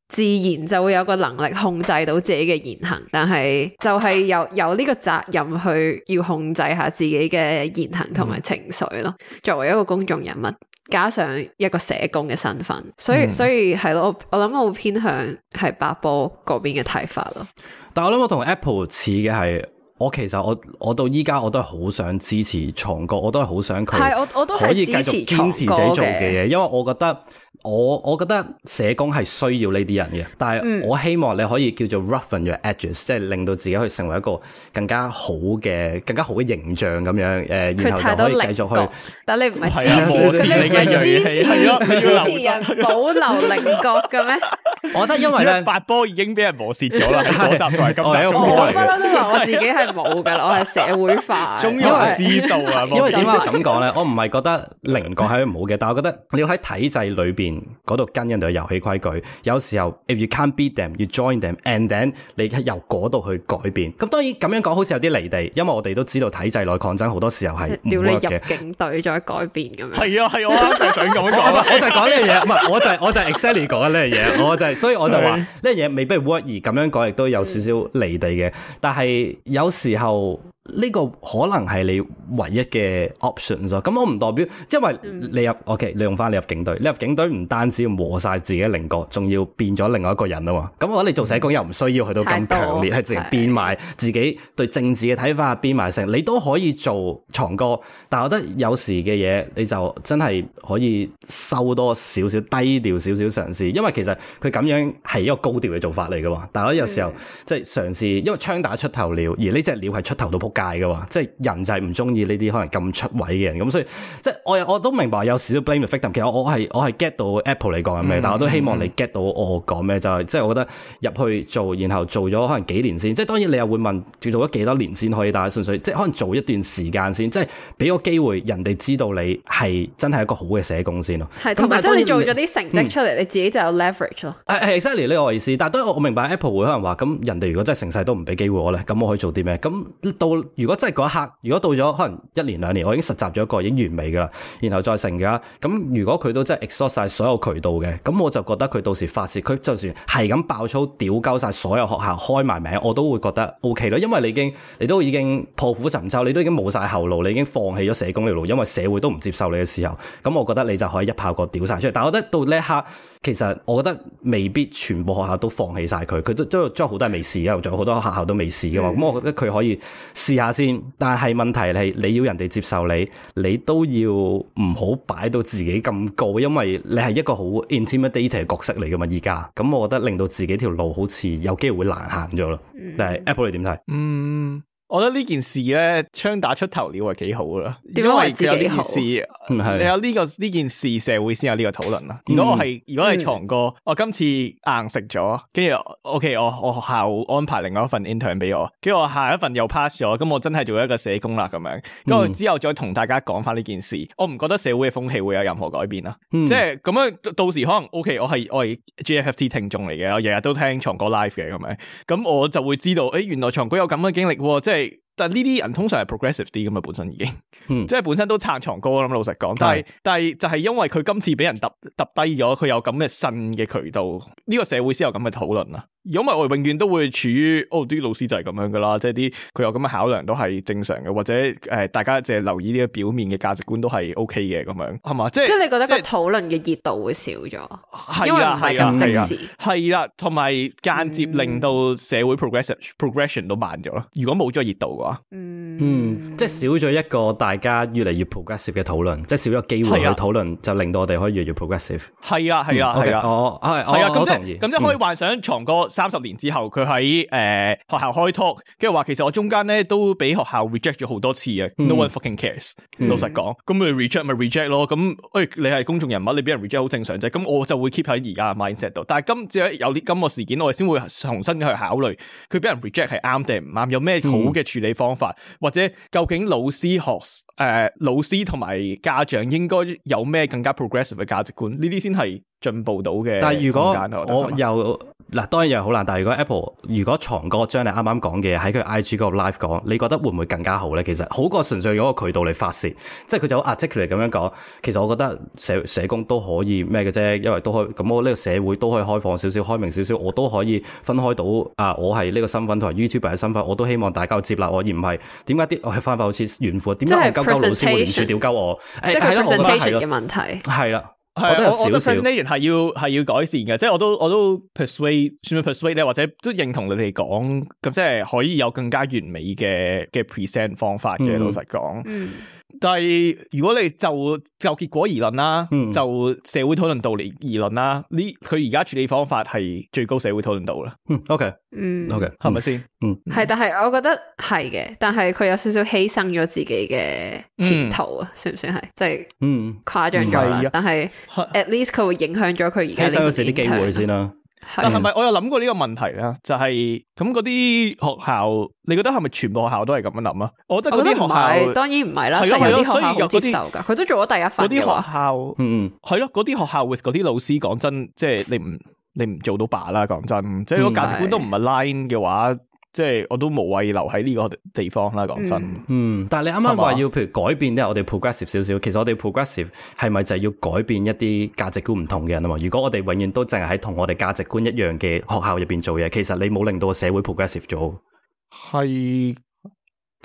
自然就會有個能力控制到自己嘅言行。但係就係有有呢個責任去要控制下自己嘅言行同埋情緒咯。嗯、作為一個公眾人物，加上一個社工嘅身份，所以、嗯、所以係咯，我我諗我會偏向係八波嗰邊嘅睇法咯。但係我諗我同 Apple 似嘅係。我其實我我到依家我都係好想支持創歌，我都係好想佢可以繼續堅持自己做嘅嘢，因為我覺得。我我覺得社工係需要呢啲人嘅，但係我希望你可以叫做 roughen your edges，即係令到自己去成為一個更加好嘅、更加好嘅形象咁樣。誒，佢太多棱角，然後就可以繼續去，但你唔係支持你嘅支持人，支持人保留棱角嘅咩？我覺得因為八波已經俾人磨蝕咗啦，集埋咁大個波嚟。我我都話我自己係冇嘅啦，我係社會化，因為知道啊。因為點解我咁講咧？我唔係覺得棱角係唔好嘅，但係我覺得你要喺體制裏邊。嗰度跟人哋嘅遊戲規矩，有時候 if you can't beat them，you join them，and then 你由嗰度去改變。咁當然咁樣講好似有啲離地，因為我哋都知道體制內抗爭好多時候係唔得嘅，要你入警隊再改變咁樣。係啊， 係我啱想講嘅，我就係講呢樣嘢，唔係我就係我就 exactly 講呢樣嘢，我就係、是就是、所以我就話呢樣嘢未必 work 而咁樣講，亦都有少少離地嘅。但係有時候。呢個可能係你唯一嘅 options 啊！咁我唔代表，因為你入，嗯、OK，你用翻你入警隊，你入警隊唔單止要磨晒自己嘅稜角，仲要變咗另外一個人啊嘛！咁我覺得你做社工又唔需要去到咁強烈，係直情變埋自己對政治嘅睇法變埋成你都可以做藏歌。但係我覺得有時嘅嘢，你就真係可以收多少少低調少少嘗試，因為其實佢咁樣係一個高調嘅做法嚟嘅喎。但係我有時候、嗯、即係嘗試，因為槍打出頭鳥，而呢隻鳥係出頭到撲街。嘅即係人就係唔中意呢啲可能咁出位嘅人，咁所以即係我我都明白有少少 blame the victim。其實我係我係 get 到 Apple 你講緊咩，嗯、但我都希望你 get 到我講咩，嗯、就係即係我覺得入去做，然後做咗可能幾年先，即係當然你又會問要做咗幾多年先可以，但係純粹即係可能做一段時間先，即係俾個機會人哋知道你係真係一個好嘅社工先咯。同埋即係你做咗啲成績出嚟，嗯、你自己就有 leverage 咯。係，exactly 呢個意思。但係當然我明白 Apple 會可能話，咁人哋如果真係成世都唔俾機會我咧，咁我可以做啲咩？咁到。如果真係嗰一刻，如果到咗可能一年兩年，我已經實習咗一個已經完美噶啦，然後再成噶啦。咁如果佢都真係 exhaust 晒所有渠道嘅，咁我就覺得佢到時發泄，佢就算係咁爆粗屌鳩晒所有學校開埋名，我都會覺得 OK 咯。因為你已經你都已經破釜沉舟，你都已經冇晒後路，你已經放棄咗社工嘅路，因為社會都唔接受你嘅時候，咁我覺得你就可以一炮過屌晒出嚟。但係我覺得到呢一刻，其實我覺得未必全部學校都放棄晒佢，佢都都將好多都未試，因為仲有好多學校都未試噶嘛。咁、嗯、我覺得佢可以。試下先，但係問題係你要人哋接受你，你都要唔好擺到自己咁高，因為你係一個好 intimidate 嘅角色嚟噶嘛，而家咁我覺得令到自己條路好似有機會難行咗咯。嗯、但係 Apple 你點睇？嗯我覺得呢件事咧，槍打出頭鳥係幾好噶為好，因為有呢件事，唔係的有呢、這個呢件事，社會先有呢個討論啦。如果，嗯、我係如果係長哥，我今次硬食咗，跟住 O K，我我學校安排另外一份 intern 俾我，跟住我下一份又 pass 咗，咁我真係做一個社工啦，咁樣，跟住之後再同大家講翻呢件事，我唔覺得社會嘅風氣會有任何改變啦。嗯、即係咁樣，到時可能 O、okay，K，我係我係 G F T 聽眾嚟嘅，我日日都聽長哥 live 嘅咁樣，咁我就會知道，誒，原來長哥有咁嘅經歷，即係。但呢啲人通常係 progressive 啲咁啊，本身已經，嗯、即係本身都撐長高咁。老實講，但係、嗯、但係就係因為佢今次俾人揼揼低咗，佢有咁嘅新嘅渠道，呢、呢個社會先有咁嘅討論啊！如果咪我永遠都會處於哦啲老師就係咁樣噶啦，即係啲佢有咁嘅考量都係正常嘅，或者誒大家淨係留意呢個表面嘅價值觀都係 O K 嘅咁樣係嘛？即係即係你覺得個討論嘅熱度會少咗，因為唔係咁即時係啦，同埋間接令到社會 progressive progression 都慢咗咯。如果冇咗熱度嘅話，嗯嗯，即係少咗一個大家越嚟越 progressive 嘅討論，即係少咗機會嘅討論，就令到我哋可以越嚟越 progressive。係啊係啊係啊，哦係啊咁即咁即可以幻想藏個。三十年之後，佢喺誒學校開 talk，跟住話其實我中間咧都俾學校 reject 咗好多次啊、嗯、，no one fucking cares。老實講，咁、嗯、你 reject 咪 reject 咯，咁誒、哎、你係公眾人物，你俾人 reject 好正常啫。咁我就會 keep 喺而家 mindset 度，但係今次有啲今個事件，我哋先會重新去考慮佢俾人 reject 係啱定唔啱，有咩好嘅處理方法，嗯、或者究竟老師學誒、呃、老師同埋家長應該有咩更加 progressive 嘅價值觀，呢啲先係。進步到嘅，但係如果我,我又嗱，當然又係好難。但係如果 Apple 如果藏哥將你啱啱講嘅喺佢 IG 嗰個 live 講，你覺得會唔會更加好咧？其實好過純粹用個渠道嚟發泄，即係佢就好 articulate 咁樣講。其實我覺得社社工都可以咩嘅啫，因為都可以。咁我呢個社會都可以開放少少、開明少少，我都可以分開到啊！我係呢個身份同埋 YouTuber 嘅身份，我都希望大家接納我，而唔係點解啲我翻翻好似怨婦，點解我鳩鳩老師唔斷屌鳩我？即係咯、哎，哎、the presentation 我覺得嘅問題，係啦。係，我我覺得 presentation 係要係要改善嘅，即係我都我都 persuade，算唔算 persuade 咧？或者都認同你哋講，咁即係可以有更加完美嘅嘅 present 方法嘅。嗯、老實講。 但係如果你就就結果而論啦，嗯、就社會討論度嚟而論啦，呢佢而家處理方法係最高社會討論度啦。嗯，OK，嗯，OK，係咪先？嗯，係，但係我覺得係嘅，但係佢有少少犧牲咗自己嘅前途啊，嗯、算唔算係？即、就、係、是、嗯誇張咗啦，但係 at least 佢會影響咗佢而家嘅前途機會先啦。但係咪我有諗過呢個問題啊？就係咁嗰啲學校，你覺得係咪全部學校都係咁樣諗啊？我覺得嗰啲學校當然唔係啦，係咯的，所以有啲學校接受噶，佢都做咗第一份。嗰啲學校，嗯，係咯，嗰啲學校 with 嗰啲老師，講真，即係你唔你唔做到罷啦，講真，即係如果價值觀都唔係 line 嘅話。即係我都無謂留喺呢個地方啦，嗯，講真。嗯，但係你啱啱話要譬如改變啲，我哋 progressive 少少。其實我哋 progressive 係咪就係要改變一啲價值觀唔同嘅人啊？嘛，如果我哋永遠都淨係喺同我哋價值觀一樣嘅學校入邊做嘢，其實你冇令到個社會 progressive 咗。係。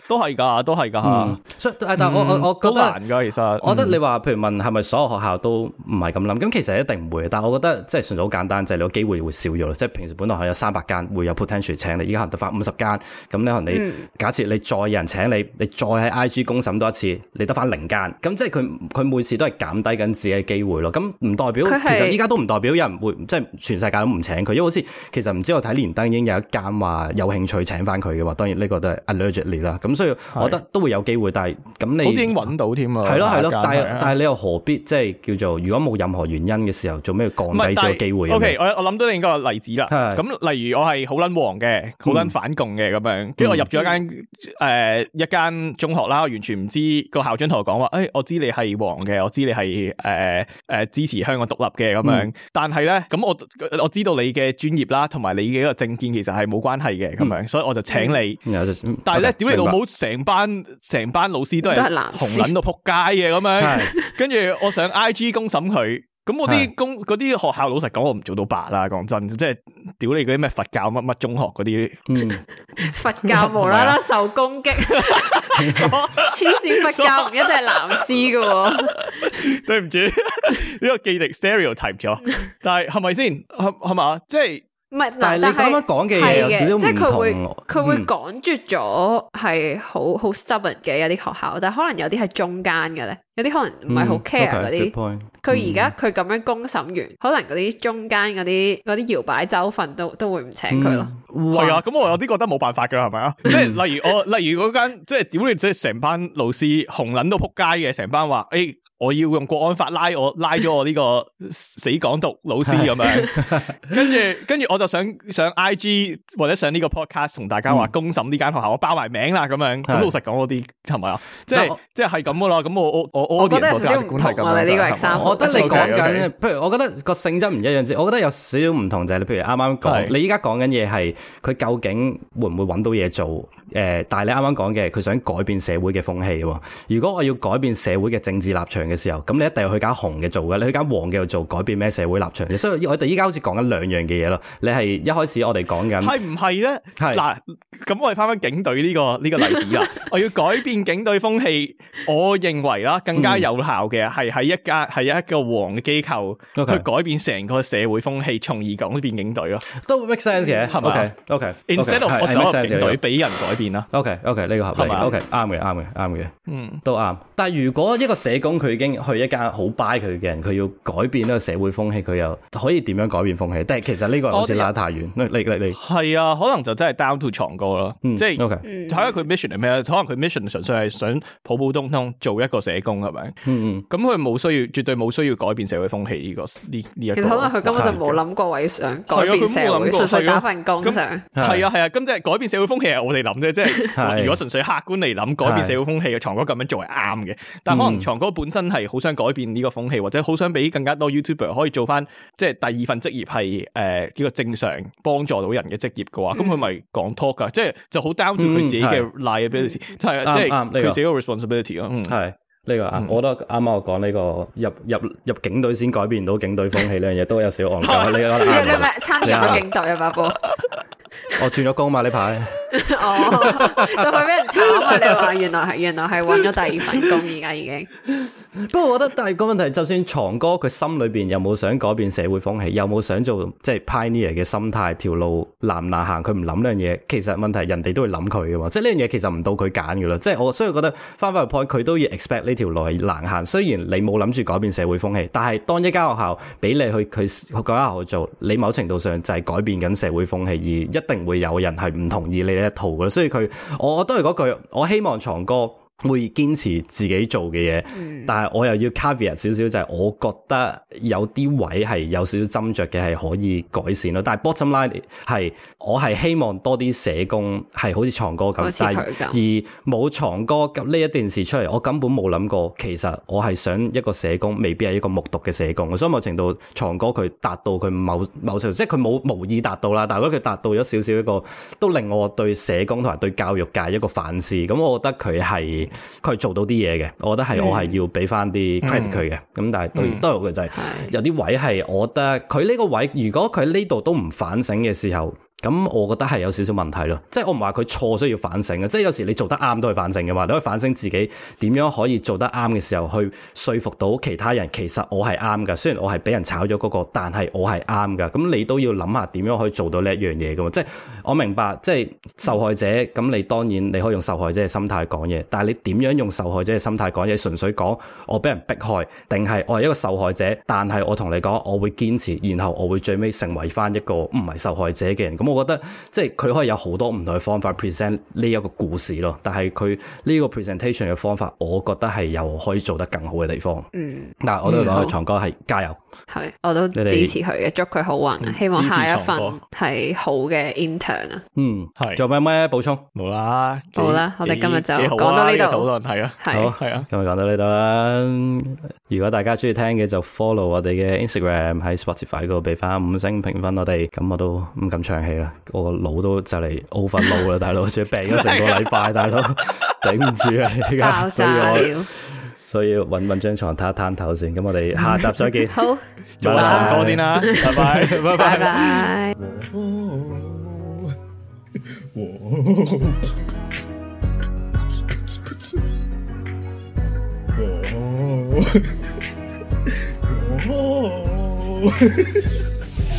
都係噶，都係噶吓，所以、嗯嗯、但係我我、嗯、我覺得難噶，其實我覺得你話，譬如問係咪所有學校都唔係咁諗，咁、嗯、其實一定唔會。但係我覺得即係純粹好簡單，就係、是、你個機會會少咗咯。即係平時本來係有三百間會有 potential 請你，依家可能得翻五十間。咁你可能你、嗯、假設你再有人請你，你再喺 I G 公審多一次，你得翻零間。咁即係佢佢每次都係減低緊自己嘅機會咯。咁唔代表是其實依家都唔代表有人會即係全世界都唔請佢，因為好似其實唔知我睇連登已經有一間話有興趣請翻佢嘅話，當然呢個都係 allegedly 啦。咁所以，我覺得都會有機會，但係咁你好似已經揾到添啊？係咯係咯，但係但係你又何必即係叫做，如果冇任何原因嘅時候，做咩要降低呢個機會？O K，我我諗到另一個例子啦。咁例如我係好撚黃嘅，好撚反共嘅咁樣，跟住我入咗一間誒一間中學啦，我完全唔知個校長同我講話，誒我知你係黃嘅，我知你係誒誒支持香港獨立嘅咁樣。但係咧，咁我我知道你嘅專業啦，同埋你嘅一個政見其實係冇關係嘅咁樣，所以我就請你。但係咧，屌你老好成班成班老師都係紅撚到撲街嘅咁樣，跟住我上 I G 公審佢，咁我啲公啲學校老實講，我唔做到白啦，講真，即係屌你嗰啲咩佛教乜乜中學嗰啲，嗯、佛教無啦啦受攻擊，黐線 佛教唔一定係藍絲噶， 對唔不住起，呢 個記憶力 stereotype 咗，但係係咪先係嘛，即係。是唔係，但係是你啱啱講嘅嘢有少少唔同，佢會趕、嗯、絕咗係好好 stubborn 嘅有啲學校，但係可能有啲係中間嘅咧，有啲可能唔係好 care 啲。佢而家佢咁樣公審完，嗯、可能嗰啲中間嗰啲嗰啲搖擺州份都都會唔請佢咯。係、嗯、啊，咁我有啲覺得冇辦法噶啦，係咪啊？即係 例如我，例如嗰間，即係屌你即係成班老師紅捻到撲街嘅，成班話誒。我要用國安法拉我拉咗我呢個死港獨老師咁樣，跟住，跟住我就想上 IG 或者上呢個 podcast 同大家話公審呢間學校，我包埋名啦咁樣。咁老實講嗰啲係咪啊？即係即係係咁噶啦。咁我我我我覺得係少唔同啊，呢個我覺得你講緊，譬如我覺得個性質唔一樣啫。我覺得有少少唔同就係你，譬如啱啱講，你依家講緊嘢係佢究竟會唔會揾到嘢做？誒，但係你啱啱講嘅，佢想改變社會嘅風氣。如果我要改變社會嘅政治立場。嘅時候，咁你一定要去揀紅嘅做嘅，你去揀黃嘅度做改變咩社會立場？所以，我哋依家好似講緊兩樣嘅嘢咯。你係一開始我哋講緊係唔係咧？係嗱，咁我哋翻翻警隊呢個呢個例子啊，我要改變警隊風氣，我認為啦更加有效嘅係喺一家係一個黃嘅機構去改變成個社會風氣，從而改變警隊咯，都 make sense 嘅係咪？OK，Instead 我哋可以警隊俾人改變啦。OK，OK，呢個合理。OK，啱嘅，啱嘅，啱嘅。嗯，都啱。但係如果一個社工佢已經去一間好 buy 佢嘅人，佢要改變呢個社會風氣，佢又可以點樣改變風氣？但係其實呢個老師拉太遠，你你你係啊，可能就真係 down to 床哥咯，即係 ok 睇下佢 mission 係咩？可能佢 mission 純粹係想普普通通做一個社工，係咪？咁佢冇需要，絕對冇需要改變社會風氣呢、這個呢呢、這個、其實可能佢根本就冇諗過為想改變社會，純粹打份工上。係啊係啊，咁即係改變社會風氣係我哋諗啫，即係 如果純粹客觀嚟諗，改變社會風氣，床哥咁樣做係啱嘅。但可能床哥本身。真係好想改變呢個風氣，或者好想俾更加多 YouTuber 可以做翻即係第二份職業，係誒呢個正常幫助到人嘅職業嘅話，咁佢咪講 talk 啊？即係就好 doubt 住佢自己嘅 liability，、嗯、就係即係佢自己嘅 responsibility 咯。係呢、這個、嗯、我覺得剛剛我得啱啱我講呢個入入入警隊先改變到警隊風氣，呢樣都有少戇鳩你呢個咩？差啲入咗警隊啊 Bobby。 我轉咗工嘛呢排，哦、 啊，就係俾人炒，我哋話原來係原來係揾咗第二份工而家已經。不 過 我覺得第二個問題，就算藏哥佢心裏邊有冇想改變社會風氣，有冇想做即係、就是、pioneer 嘅心態，條路難唔難行，佢唔諗呢樣嘢，其實問題人哋都會諗佢嘅嘛。即係呢樣嘢其實唔到佢揀噶啦。即係我雖然覺得翻翻 r e p 佢都要 expect 呢條路難行。雖然你冇諗住改變社會風氣，但係當一間學校俾你去佢嗰間學校做，你某程度上就係改變緊社會風氣而一。一定會有人係唔同意你呢一套嘅，所以佢，我，我都係嗰句，我希望床哥會堅持自己做嘅嘢，嗯、但係我又要 caveat 少少，就係我覺得有啲位係有少少斟酌嘅，係可以改善咯。但係 bottom line 係我係希望多啲社工係好似床哥咁，但係而冇床哥咁呢一段事出嚟，我根本冇諗過。其實我係想一個社工，未必係一個木讀嘅社工。所以某程度床哥佢達到佢某某程度，即係佢冇無意達到啦。但係如果佢達到咗少少一個，都令我對社工同埋對教育界一個反思。咁我覺得佢係。佢做到啲嘢嘅，我覺得係我係要俾翻啲 credit 佢嘅。咁、嗯、但係都都有嘅就係有啲位係，我覺得佢呢個位，如果佢呢度都唔反省嘅時候。咁我覺得係有少少問題咯，即係我唔話佢錯需要反省嘅，即係有時你做得啱都可以反省嘅話，你可以反省自己點樣可以做得啱嘅時候去說服到其他人，其實我係啱㗎，雖然我係俾人炒咗嗰個，但係我係啱㗎。咁你都要諗下點樣可以做到呢一樣嘢㗎嘛。即係我明白，即係受害者咁你當然你可以用受害者嘅心態講嘢，但係你點樣用受害者嘅心態講嘢？純粹講我俾人迫害，定係我係一個受害者？但係我同你講，我會堅持，然後我會最尾成為翻一個唔係受害者嘅人。咁我覺得即係佢可以有好多唔同嘅方法 present 呢一個故事咯，但係佢呢個 presentation 嘅方法，我覺得係又可以做得更好嘅地方。嗯，嗱，我都講佢唱哥，係加油，係我都支持佢嘅，祝佢好運，希望下一份係好嘅 intern 啊。嗯，係。仲有咩咩補充？冇啦，冇啦，我哋今日就講到呢度。討論係啊，係啊，今日講到呢度啦。如果大家中意聽嘅，就 follow 我哋嘅 Instagram 喺 Spotify 度俾翻五星評分我哋，咁我都唔敢唱戲。我個腦都就嚟奧粉腦啦，大佬，仲病咗成個禮拜，大佬頂唔住啊！而家，所以我所以搵搵張床攤一攤頭先。咁我哋下集再見。好，再攤多啲先啦，拜拜，拜拜。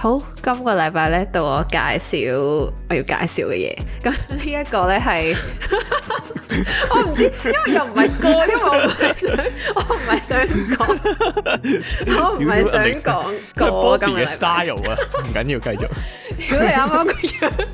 好，今個禮拜咧到我介紹我要介紹嘅嘢。咁呢一個咧係， 我唔知，因為又唔係歌，因為唔係想，我唔係想講， 我唔係想講過咁樣。Style 啊， 唔緊要，繼續。如果你啱啱個人，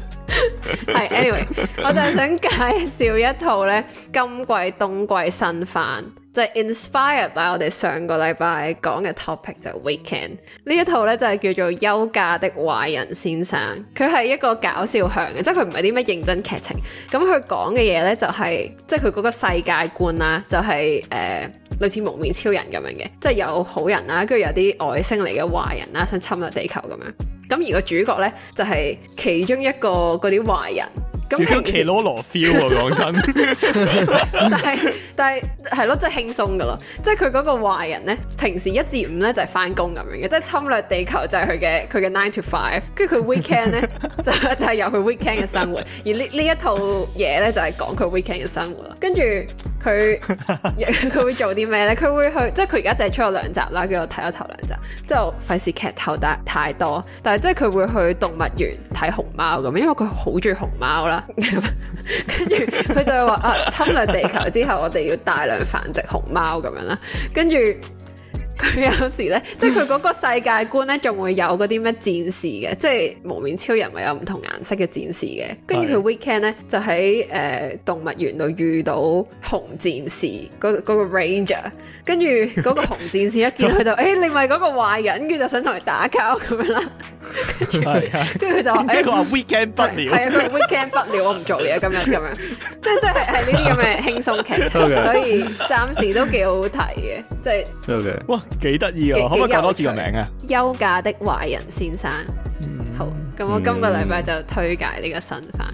係，anyway，我就係想介紹一套咧今季冬季新番。就係 inspired by 我哋上個禮拜講嘅 topic 就 weekend 呢一套咧就係叫做休假的壞人先生，佢係一個搞笑向嘅，即係佢唔係啲咩認真劇情。咁佢講嘅嘢咧就係，即係佢嗰個世界觀啦，就係誒類似蒙面超人咁樣嘅，即係有好人啦，跟住有啲外星嚟嘅壞人啦，想侵略地球咁樣。咁而個主角咧就係其中一個嗰啲壞人。少少奇羅羅 feel 啊，講真。但係但係係咯，即係輕鬆噶咯。即係佢嗰個壞人咧，平時一至五咧就係返工咁樣嘅，即係侵略地球就係佢嘅佢嘅 nine to five。跟住佢 weekend 咧就就係有佢 weekend 嘅生活。而呢呢一套嘢咧就係講佢 weekend 嘅生活。跟住。佢佢會做啲咩咧？佢會去即係佢而家就係出咗兩集啦，叫我睇咗頭兩集，之後費事劇透得太多。但係即係佢會去動物園睇熊貓咁，因為佢好中意熊貓啦。 跟住佢就話 啊，侵略地球之後，我哋要大量繁殖熊貓咁樣啦。跟住。佢 有時咧，即係佢嗰個世界觀咧，仲會有嗰啲咩戰士嘅，即係無面超人咪有唔同顏色嘅戰士嘅，跟住佢 Weekend 咧就喺誒、呃、動物園度遇到紅戰士嗰、嗰個 Ranger，跟住嗰個紅戰士一見到佢就誒、欸、你咪嗰個壞人，跟住就想同佢打交咁樣啦，跟住佢就話，跟、欸、佢話 Weekend 不了， 係啊，佢 Weekend 不了，我唔做嘢今日咁樣，咁樣，即係即係係呢啲咁嘅輕鬆劇情，所以暫時都幾好睇嘅，即係，哇 Okay.～ 幾得意啊！可唔可以教多次個名啊？休假的壞人先生，嗯、好，咁我今個禮拜就推介呢個新番，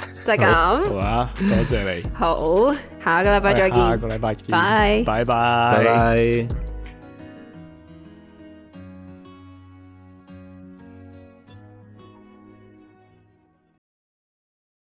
嗯、就係咁，好啊，多謝，謝你，好，下個禮拜再見，下個禮拜見，拜拜拜拜。